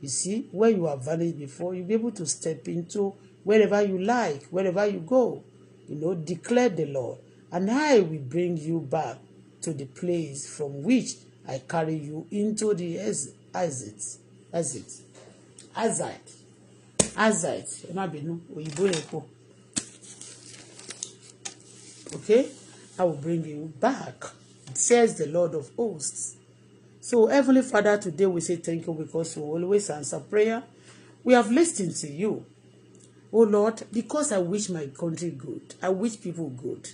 You see, where you are vanished before, you'll be able to step into wherever you like, wherever you go. You know, declare the Lord, and I will bring you back to the place from which I carry you into the exit. Exit. Azite. Azite. Ẹ Okay? I will bring you back, says the Lord of hosts. So, Heavenly Father, today we say thank you because you always answer prayer. We have listened to you. Oh Lord, because I wish my country good, I wish people good,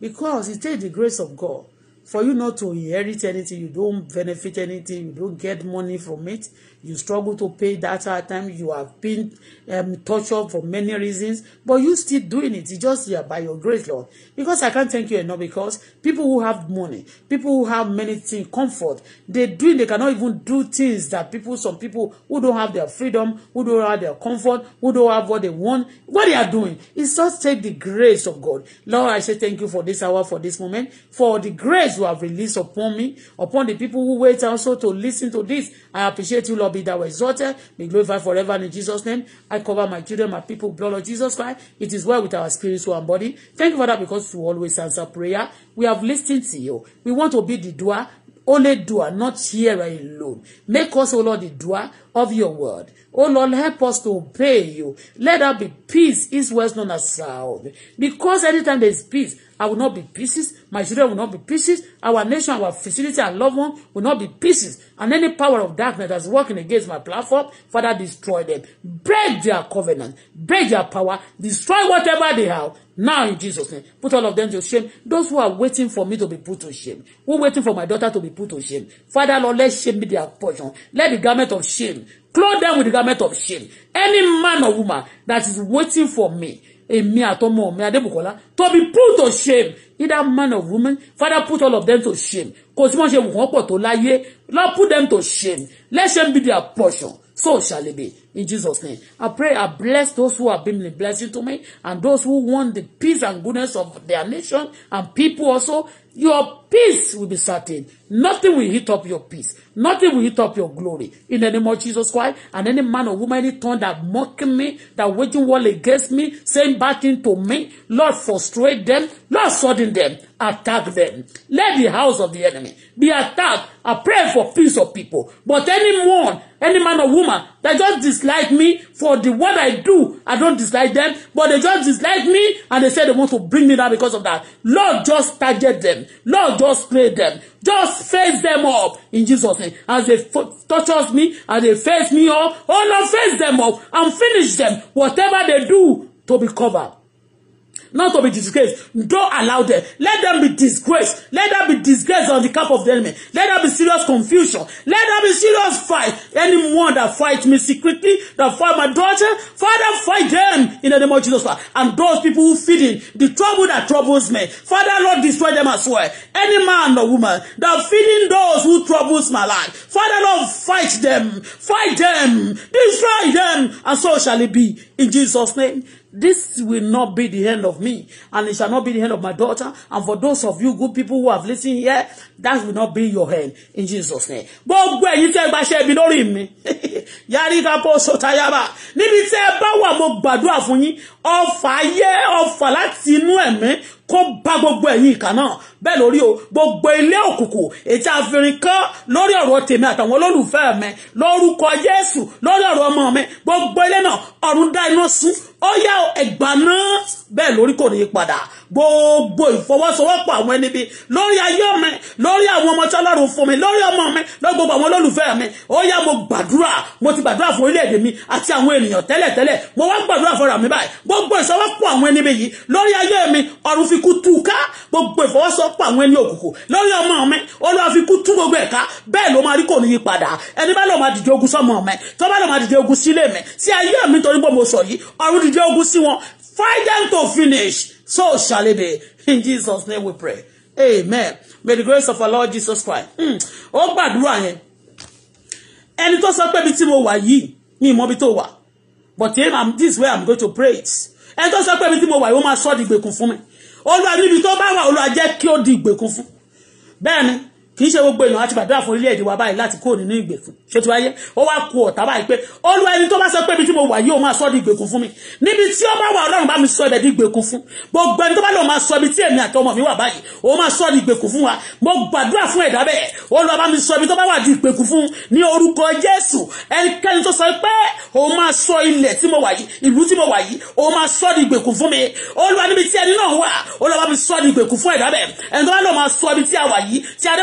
because it takes the grace of God for you not to inherit anything, you don't benefit anything, you don't get money from it, you struggle to pay that hard time you have been um, tortured for many reasons but you still doing it it's just yeah, by your grace Lord because I can't thank you enough because people who have money people who have many things comfort they doing they cannot even do things that people some people who don't have their freedom who don't have their comfort who don't have what they want what they are doing it's just take the grace of God Lord I say thank you for this hour for this moment for the grace you have released upon me upon the people who wait also to listen to this I appreciate you Lord be thou exalted, be glorified forever in Jesus' name. I cover my children, my people, blood of Jesus Christ. It is well with our spirit, soul, and body. Thank you, Father, because you always answer prayer. We have listened to you. We want to be the doer, only doer, not hearer alone. Make us, O Lord, the doer of your word. O Lord, help us to obey you. Let there be peace, Is well known as sound, Because anytime there is peace, I will not be pieces. My children will not be pieces. Our nation, our facility, our loved one will not be pieces. And any power of darkness that's working against my platform, Father, destroy them. Break their covenant. Break their power. Destroy whatever they have. Now in Jesus' name, put all of them to shame. Those who are waiting for me to be put to shame, who are waiting for my daughter to be put to shame, Father Lord, let shame be their portion. Let the garment of shame clothe them with the garment of shame. Any man or woman that is waiting for me èmi àtọmọ mi adébùkọ́lá to be put to shame either man or woman father put all of them to shame kò sí wọn ṣe wùkọ́ pọ̀ tó láyé lord put them to shame let shame be their portion so shall it be in jesus name i pray i bless those who have been a blessing to me and those who want the peace and goodness of their nation and people also Your peace will be certain. Nothing will hit up your peace. Nothing will hit up your glory. In the name of Jesus Christ, and any man or woman, any tongue that mocking me, that waging war against me, saying bad things to me, Lord, frustrate them. Lord, sudden them, attack them. Let the house of the enemy be attacked. I pray for peace of people. But anyone, any man or woman that just dislike me for the what I do, I don't dislike them, but they just dislike me and they say they want to bring me down because of that. Lord, just target them. Lord, just pray them. Just face them up in Jesus' name. As they touches me, as they face me up, oh Lord, face them up and finish them. Whatever they do to be covered not to be disgraced. Don't allow them. Let them be disgraced. Let them be disgraced on the cap of the enemy. Let them be serious confusion. Let them be serious fight. Anyone that fight me secretly, that fight my daughter, Father, fight them in the name of Jesus Christ. And those people who feed in the trouble that troubles me, Father, Lord, destroy them as well. Any man or woman that feeding those who troubles my life, Father, Lord, fight them. Fight them. Destroy them. And so shall it be in Jesus' name this will not be the end of me and it shall not be the end of my daughter and for those of you good people who have listened here that will not be your hand in Jesus name gbogbo ẹ̀yin tẹ́ gbaṣẹ́ ibi lórí mi yàrá ìkápọ̀ sọ̀tayaba níbi tẹ́ ẹ bá wà mo gbàdúrà fún yín ọfà ayé ọfà láti inú ẹ̀mí kó bá gbogbo ẹ̀yin ìkà náà bẹ́ẹ̀ lórí o gbogbo ilé òkùnkùn ètí àfihàn kan lórí ọ̀rọ̀ tèmi àtàwọn olólùfẹ́ mi lórúkọ Jésù lórí ọ̀rọ̀ ọmọ mi gbogbo ilé náà ọ̀run dá iná sún ó yá ẹ̀gbà náà bẹ́ẹ̀ lórí kò ní í padà gbogbo ìfọwọ́sowọ́pọ̀ àwọn ẹni bí lórí ayé mi lórí àwọn ọmọ tí ọlọ́run fún mi lórí ọmọ mi lórí gbogbo àwọn olólùfẹ́ mi ó yá mo gbàdúrà mo ti gbàdúrà fún orílẹ̀-èdè mi àti àwọn ènìyàn tẹ́lẹ̀tẹ́lẹ̀ mo wá gbàdúrà fúnra mi báyìí gbogbo ìsọwọ́pọ̀ àwọn ẹni bí lórí ayé mi ọ̀run fi kú tú ká gbogbo ìfọwọ́sowọ́pọ̀ àwọn ẹni òkùnkùn lórí ọmọ mi olúwa fi kú tú gbogbo ẹ̀ka bẹ́ẹ̀ ló máa rí kò ní yí padà ẹni bá lọ́ọ́ máa dìde ogun sọ́mọ mi tó bá lọ́ọ́ máa dìde ogun sílé mi sí ayé mi torí pé mo sọ yìí ọ̀run dìde ogun sí wọn Fight them to finish. So shall it be. In Jesus' name we pray. Amen. May the grace of our Lord Jesus Christ. Hmm. Ó gbàdúrà yẹn. Ẹni tó sọ pé ibi tí mo wà yìí ni ìmọ̀ ibi tó wà. But then I'm, this way I'm going to pray it. Ẹni tó sọ pé ibi tí mo wà yìí ó máa sọ di ìgbèkùn fún mi. Olúwa níbi tó bá wà Olúwa jẹ́ kí ó di ìgbèkùn fún. Bẹ́ẹ̀ni kì í ṣe gbogbo èèyàn àti gbàdúrà fún orílẹ̀-èdè wa báyìí láti kúrò nínú ìgbèkùn ṣé tí wáyé ó wá ku ọ̀tá báyìí pé olú ẹni tó bá sọ pé ibi tí mo wà yìí ó máa sọ di ìgbèkùn fún mi níbi tí ó bá wà ọlọ́run bá mi sọ ibẹ̀ ìgbèkùn fún gbogbo ẹni tó bá lòun máa sọ ibi tí èmi àti ọmọ mi wà báyìí ó máa sọ di ìgbèkùn fún wa mo gbàdúrà fún ẹ̀dá bẹ́ẹ̀ olú bá mi sọ ibi tó bá wà di ìgbèkùn fún ní orúkọ jésù ẹnikẹ́ni tó sọ pé ó máa sọ ilẹ̀ tí mo wà yìí ìlú tí mo wà yìí ó máa sọ di ìgbèkùn fún mi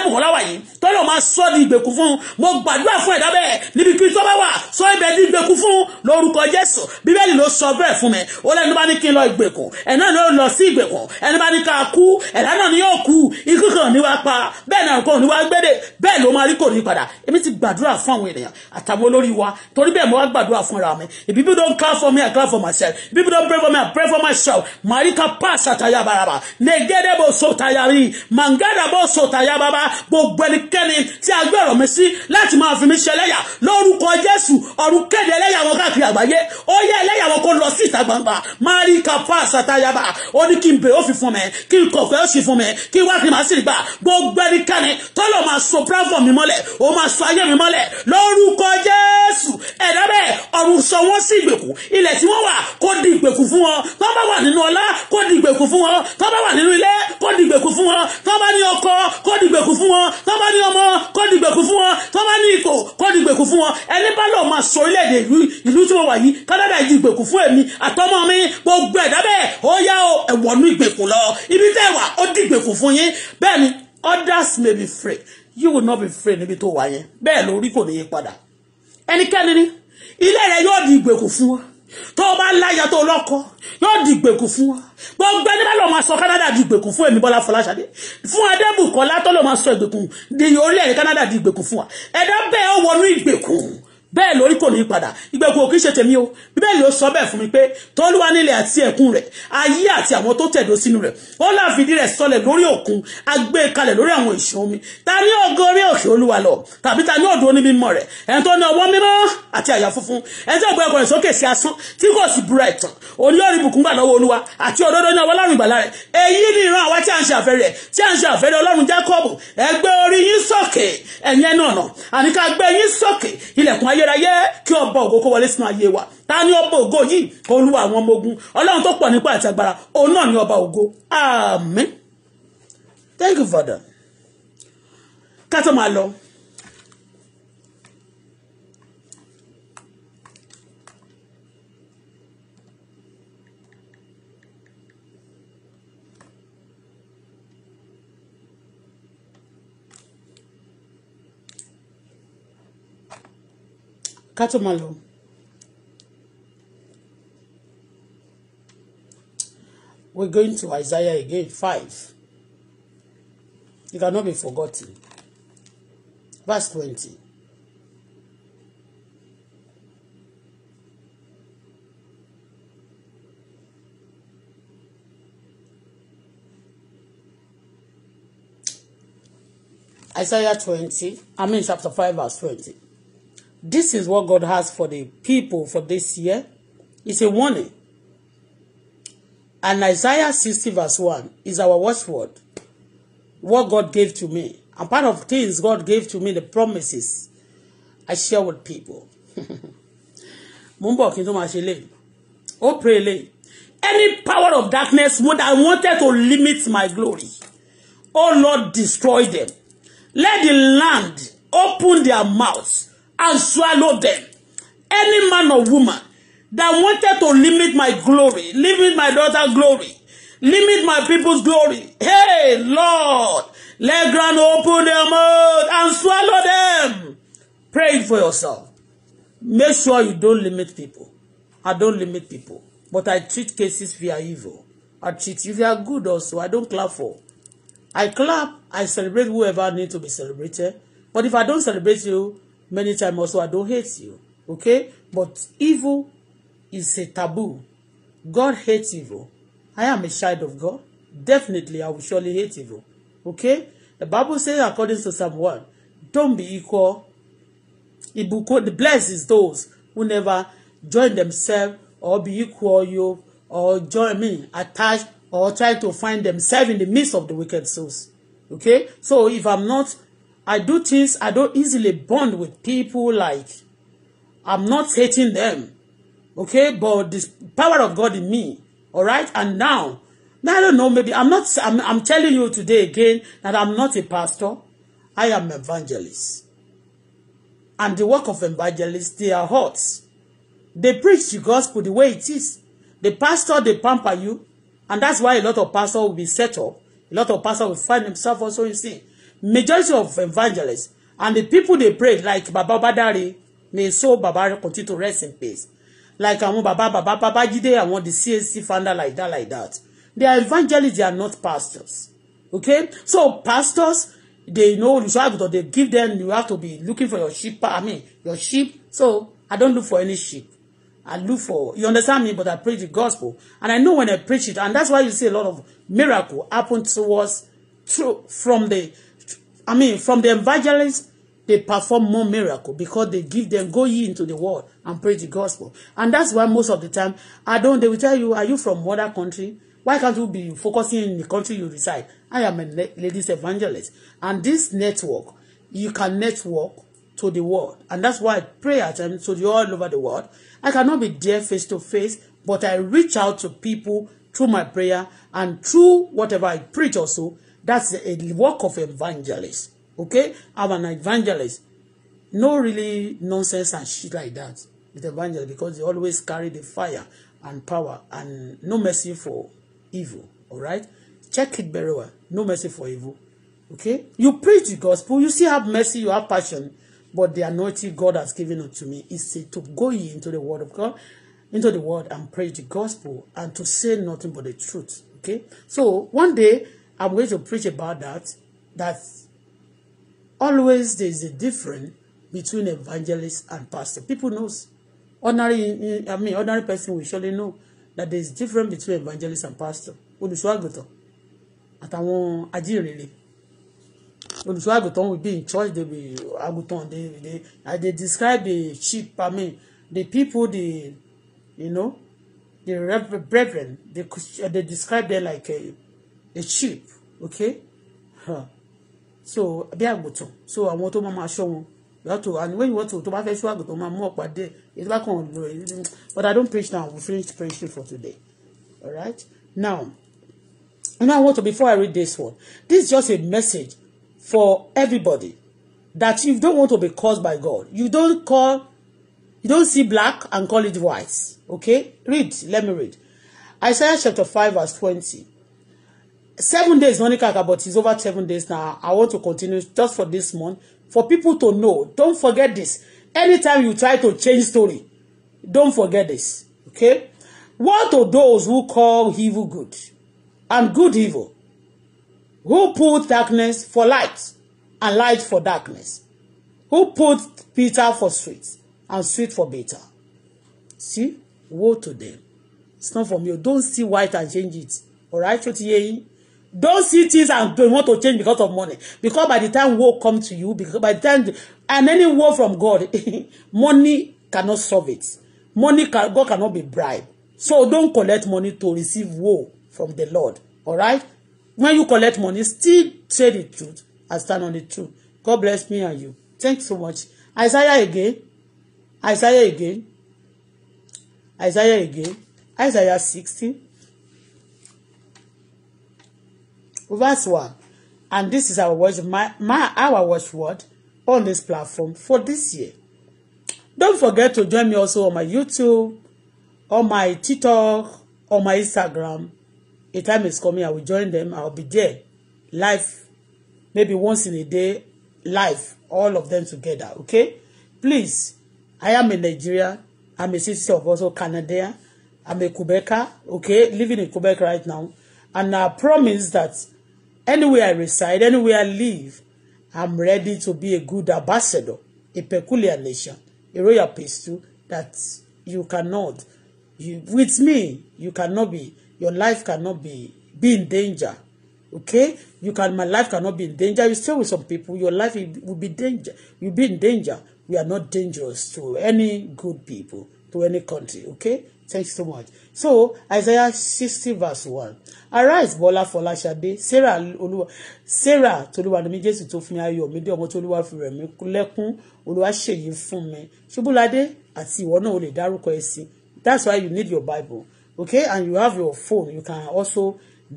olúwa Ọláwàyí tó lè máa sọ di ìgbèkùn fún mo gbàdúrà fún ẹ̀dá bẹ́ẹ̀ níbi kí tó bá wà sọ ibẹ̀ di ìgbèkùn fún lórúkọ Jésù bíbélì ló sọ bẹ́ẹ̀ fún mi ó lẹ́nu bá ní kí n lọ ìgbèkùn ẹ̀nà ni ó lọ sí ìgbèkùn ẹni bá ní ká kú ẹ̀dá náà ni yóò kú ikú kan ní wá pa bẹ́ẹ̀ náà kò ní wá gbédè bẹ́ẹ̀ ló máa rí kò ní padà èmi ti gbàdúrà fún àwọn ènìyàn àtàwọn olórí wa torí bẹ́ẹ̀ mo wá gbàdúrà fún ara mi if people don clap for me I clap for myself if people don pray for me I pray for myself marika pass ataya baraba negedebo sotayari mangadabo sotaya baba gbogbo ẹnikẹ́ni tí a gbé ọ̀rọ̀ mi sí láti máa fi mi ṣe ẹlẹ́yà lórúkọ Jésù ọ̀run kéde ẹlẹ́yà wọn káàkiri àgbáyé ó yẹ ẹlẹ́yà wọn kó lọ sí ìta gbangba mari kapa satayaba ó ní kí n bèrè ó fi fún mi kí n kọ̀ọ̀kọ̀ ó sì fún mi kí wá kí n máa sì gbà gbogbo ẹnikẹ́ni tọ́lọ̀ máa so platform mi mọ́lẹ̀ ó máa so ayé mi mọ́lẹ̀ lórúkọ Jésù ẹ̀dá bẹ́ẹ̀ ọ̀run sọ wọ́n sí ìgbèkùn ilẹ̀ tí wọ́n wà kó di ìgbèkùn fún wọn tó bá wà nínú ọlá kó di ìgbèkùn fún wọn tó bá wà nínú ilé kó di ìgbèkùn wọn tó bá ní ọmọ kó dìgbèkú fún wọn tó bá ní ipò kó dìgbèkú fún wọn ẹni bá lọ́ọ́ máa sọ orílẹ̀-èdè ìlú tí mo wà yìí kánádà dìgbèkú fún èmi àtọmọ mi gbogbo ẹ̀dá bẹ́ẹ̀ ó yá o ẹ̀wọ̀nú ìgbèkùn lọ ibi tẹ́ wà ó dìgbèkú fún yín bẹ́ẹ̀ ni others may be free you will not be free níbi tó wà yẹn bẹ́ẹ̀ lórí kò ní yí padà ẹnikẹ́ni ni ilé rẹ yóò di ìgbèkùn fún wọn tó o bá láyà tó o lọ́kọ yóò dìgbèkù fún wa gbogbo ẹni bá lọ máa sọ Canada dìgbèkù fún èmi Bọ́lá Fọláṣadé fún Adébùkọ́lá tó lọ máa sọ ìgbèkùn di orílẹ̀-èdè Canada dìgbèkù fún wa ẹ̀dá bẹ́ẹ̀ ó wọnú ìgbèkùn bẹ́ẹ̀ lórí kò ní padà ìgbẹ́kùn òkè ṣe tèmi o bíbélì ló sọ bẹ́ẹ̀ fún mi pé tọ́lúwa nílẹ̀ àti ẹ̀kún rẹ̀ ayé àti àwọn tó tẹ̀dó sínú rẹ̀ ó láfìdí rẹ̀ sọlẹ̀ lórí òkun agbé e kalẹ̀ lórí àwọn ìṣàn omi ta ní ògo orí òkè olúwa lọ tàbí ta ní òdo onímọ̀ rẹ̀ ẹni tó ní ọwọ́ mímọ́ àti àyà funfun ẹni tó gbọ́ ẹkùnrin sókè sí asán tí kò sì búra ẹ̀tàn olórí bùkún gbà lọ́wọ́ olúwa àti rẹ̀ sókè ẹ̀yin ayérayé kí ọba ògo kó wọlé sínú ayé wa ta ni ọba ògo yìí olúwa àwọn ọmọ ogun ọlọ́run tó pọ̀ nípa àti agbára òun náà ni ọba ògo àmín thank you father ká tó máa lọ ká tó máa lọ. We're going to Isaiah again, five. You cannot be forgotten. Verse twenty. Isaiah twenty. I mean chapter five, verse twenty. This is what God has for the people for this year. It's a warning. And Isaiah 60 verse 1 is our watchword. What God gave to me. And part of things God gave to me, the promises I share with people. Mumbo kinto mashile. Oh pray lay. Any power of darkness would I wanted to limit my glory. Oh Lord, destroy them. Let the land open their mouths and swallow them. Any man or woman that wanted to limit my glory, limit my daughter's glory, limit my people's glory. Hey, Lord, let ground open their mouth and swallow them. Pray for yourself. Make sure you don't limit people. I don't limit people, but I treat cases via evil. I treat you via good also. I don't clap for. I clap, I celebrate whoever needs to be celebrated. But if I don't celebrate you, many times also I don't hate you okay but evil is a taboo God hates evil I am a child of God definitely I will surely hate evil okay the Bible says according to Psalm 1 don't be equal ibukun the blessings those who never join themselves or be equal you or join me attached or try to find themselves in the midst of the wicked souls okay so if I'm not I do things I don't easily bond with people like I'm not hating them. Okay, but this power of God in me, all right? And now, now I don't know, maybe I'm not I'm, I'm telling you today again that I'm not a pastor. I am evangelist. And the work of evangelists, they are hot. They preach the gospel the way it is. The pastor, they pamper you. And that's why a lot of pastors will be set up. A lot of pastors will find themselves also in sin majority of evangelists and the people they pray like baba Badari may so baba continue to rest in peace like àwọn baba baba babajide àwọn the CAC founder like that like that they are evangelists they are not pastors okay so pastors they know you have to they give them you have to be looking for your sheep i mean your sheep so i don't look for any sheep I look for you understand me but I preach the gospel and I know when I preach it and that's why you see a lot of miracle happen towards through from the I mean, from the evangelists, they perform more miracle because they give them, go ye into the world and preach the gospel. And that's why most of the time, I don't, they will tell you, are you from other country? Why can't you be focusing in the country you reside? I am a ladies evangelist. And this network, you can network to the world. And that's why I pray at times to the all over the world. I cannot be there face to face, but I reach out to people through my prayer and through whatever I preach also. That's a work of evangelist. Okay? I'm an evangelist. No really nonsense and shit like that with evangelist because they always carry the fire and power and no mercy for evil. All right? Check it very well. No mercy for evil. Okay? You preach the gospel, you still have mercy, you have passion, but the anointing God has given unto me is to go ye into the word of God, into the word and preach the gospel and to say nothing but the truth. Okay? So one day I'm going to preach about that, that always there is a difference between evangelist and pastor. People knows. Ordinary, I mean, ordinary person will surely know that there is difference between evangelist and pastor. Olùṣọ́àgùtàn àtàwọn ajínrere. Olùṣọ́àgùtàn will be in church, they will àgùtàn, they, they, and they describe the sheep, I mean, the people, the, you know, the brethren, they, they describe them like a, a sheep. okay huh. so bí àgùntàn so àwọn tó máa máa ṣọ́ wọn yàtọ̀ and when you want to tó bá fẹ́ ṣọ́ àgùntàn máa mú ọ̀pá dé èyí tó bá kàn lọ èyí but I don't preach now we finish preaching for today all right now you know I want to before I read this one this is just a message for everybody that you don't want to be caused by God you don't call you don't see black and call it white okay read let me read Isaiah chapter five verse twenty seven days no but it's over seven days now i want to continue just for this month for people to know don't forget this anytime you try to change story don't forget this okay what of those who call evil good and good evil who put darkness for light and light for darkness who put bitter for sweet and sweet for bitter see woe to them it's not for me. don't see white and change it all right ó Don't see things and they want to change because of money. Because by the time woe come to you, because by the time and any woe from God, money cannot solve it. Money can, God cannot be bribed. So don't collect money to receive woe from the Lord. All right? When you collect money, still say the truth and stand on the truth. God bless me and you. Thanks so much. Isaiah again. Isaiah again. Isaiah again. Isaiah sixteen. Verse 1. And this is our watch, my, my, our watchword on this platform for this year. Don't forget to join me also on my YouTube, on my TikTok, on my Instagram. A time is coming, I will join them. I'll be there live, maybe once in a day, live, all of them together, okay? Please, I am in Nigeria. I'm a citizen of also Canada. I'm a Quebecer, okay, living in Quebec right now. And I promise that Anywhere I reside, anywhere I live, I'm ready to be a good ambassador, a peculiar nation, a royal priesthood that you cannot, you, with me, you cannot be, your life cannot be, be in danger. Okay? You can, my life cannot be in danger. You stay with some people, your life will be danger. You'll be in danger. We are not dangerous to any good people, to any country. Okay? Thank you so much. So Isaiah 60 verse 1. Arise Bọ́lá Fọláṣadé, Sarah Olúwa, Sarah Tolúwanimí Jésù tó fún mi ayọ̀ mi dé ọmọ tó Olúwa fi rẹ̀ mí lẹ́kún, Olúwa ṣèyí fún mi. Ṣubúladé àti ìwọ náà o lè dárúkọ ẹ sí. That's why you need your Bible. Okay, and you have your phone. You can also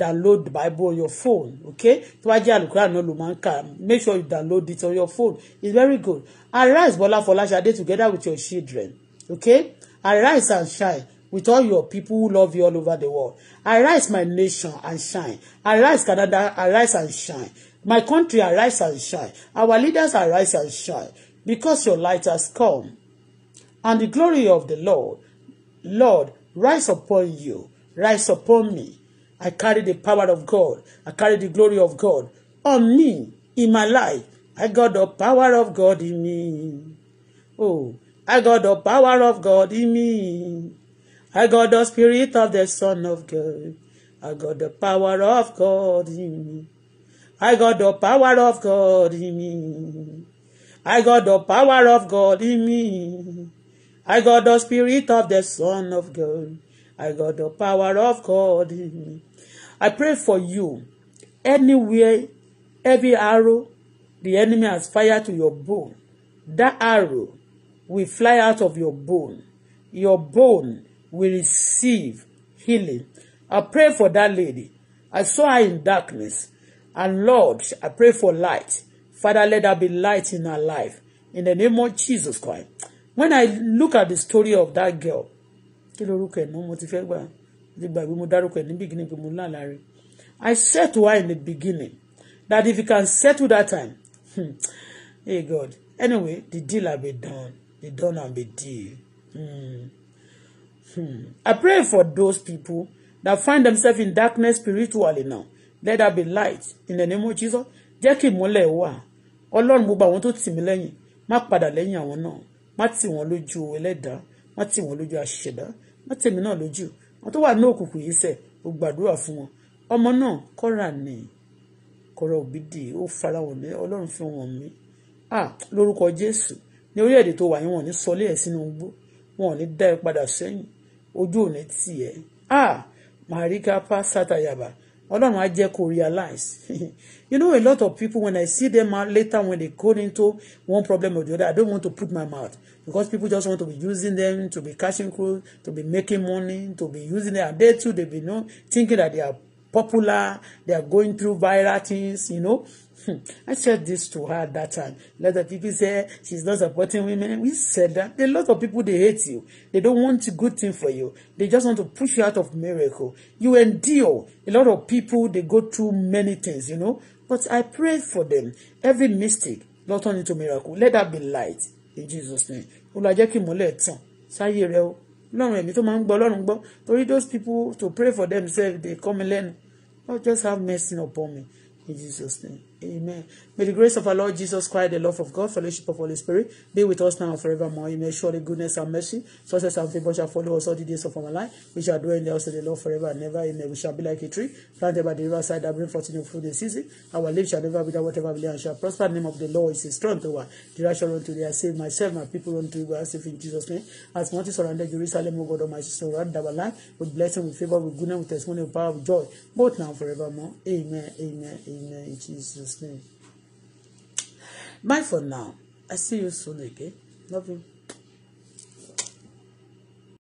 download the Bible on your phone. Okay, tó bá jẹ́ àlùkò àná ló máa ń Make sure you download it on your phone. It's very good. Arise Bọ́lá Fọláṣadé together with your children. Okay, arise and shine with all your people who love you all over the world. Arise, my nation, and shine. Arise, Canada, arise and shine. My country, arise and shine. Our leaders, arise and shine. Because your light has come. And the glory of the Lord, Lord, rise upon you, rise upon me. I carry the power of God. I carry the glory of God on me, in my life. I got the power of God in me. Oh, I got the power of God in me. I got the spirit of the Son of God. I got the power of God in me. I got the power of God in me. I got the power of God in me. I got the spirit of the Son of God. I got the power of God in me. I pray for you. Anywhere, every arrow the enemy has fired to your bone, that arrow will fly out of your bone. Your bone will receive healing. I pray for that lady. I saw her in darkness. And Lord, I pray for light. Father, let there be light in her life. In the name of Jesus Christ. When I look at the story of that girl, I said to her in the beginning that if you can settle that time hmm, hey God anyway the deal have been done the done have been deal. Hmm. Hmm. I pray for those people that find themselves in darkness spiritually now. Let there be light in the name of Jesus. Jẹ́ kí ìmúlẹ̀ wà. Ọlọ́run gbogbo àwọn tó tì mí lẹ́yìn. Má padà lẹ́yìn àwọn náà. Má tì wọ́n lójú ẹlẹ́dàá. Má tì wọ́n lójú àṣẹ̀dá. Má tèmi náà lójú. Wọ́n tó wà ní òkùnkùn yìí sẹ̀. O gbàdúrà fún wọn. Ọmọ náà kọ́ra ni. Kọ́ra òbídì. Ó farahàn mi. Ọlọ́run fi wọ̀n mi. Ah lórúkọ Jésù. Ní orílẹ̀-èdè tó wà yín wọ́n ní sọlé ẹ̀ sínú gbó. Wọ́n ní dá ẹ padà sẹ́yìn ojú ò tì ẹ́ ah marika pa satayaba ọlọ́run á jẹ́ kó realize you know a lot of people when i see them later when they go into one problem or the other i don't want to put my mouth because people just want to be using them to be cashing crew to be making money to be using them and they too they be you know, thinking that they are popular they are going through viral things you know Hmm. I said this to her at that time. Let the people say she's not supporting women. We said that. A lot of people, they hate you. They don't want a good thing for you. They just want to push you out of miracle. You endure. A lot of people, they go through many things, you know. But I pray for them. Every mistake, not turn into miracle. Let that be light in Jesus' name. Olúwa jẹ́ kí ìmọ́lẹ̀ tàn sáyé rẹ o. Ọlọ́run ẹ̀mí tó máa ń gbọ́ Ọlọ́run gbọ́. Torí those people to pray for themselves, they come learn. Lord just have mercy upon me in Jesus' name. Amen. May the grace of our Lord Jesus Christ, the love of God, fellowship of Holy Spirit be with us now and forevermore. may surely goodness and mercy, success and favor shall follow us all the days of our life. We shall dwell in the house of the Lord forever and ever. Amen. We shall be like a tree planted by the riverside that bring forth new fruit in season. Our lips shall never be that whatever we and shall prosper. The name of the Lord is a strong tower. Direction unto thee. I save myself, my people unto We are save in Jesus' name. As much as surrounded Jerusalem, O God of my surround our life with blessing, with favor, with goodness, with testimony, with power, with joy, both now and forevermore. Amen. Amen. Amen. In Jesus' name. Bye for now. I see you soon again. Love you.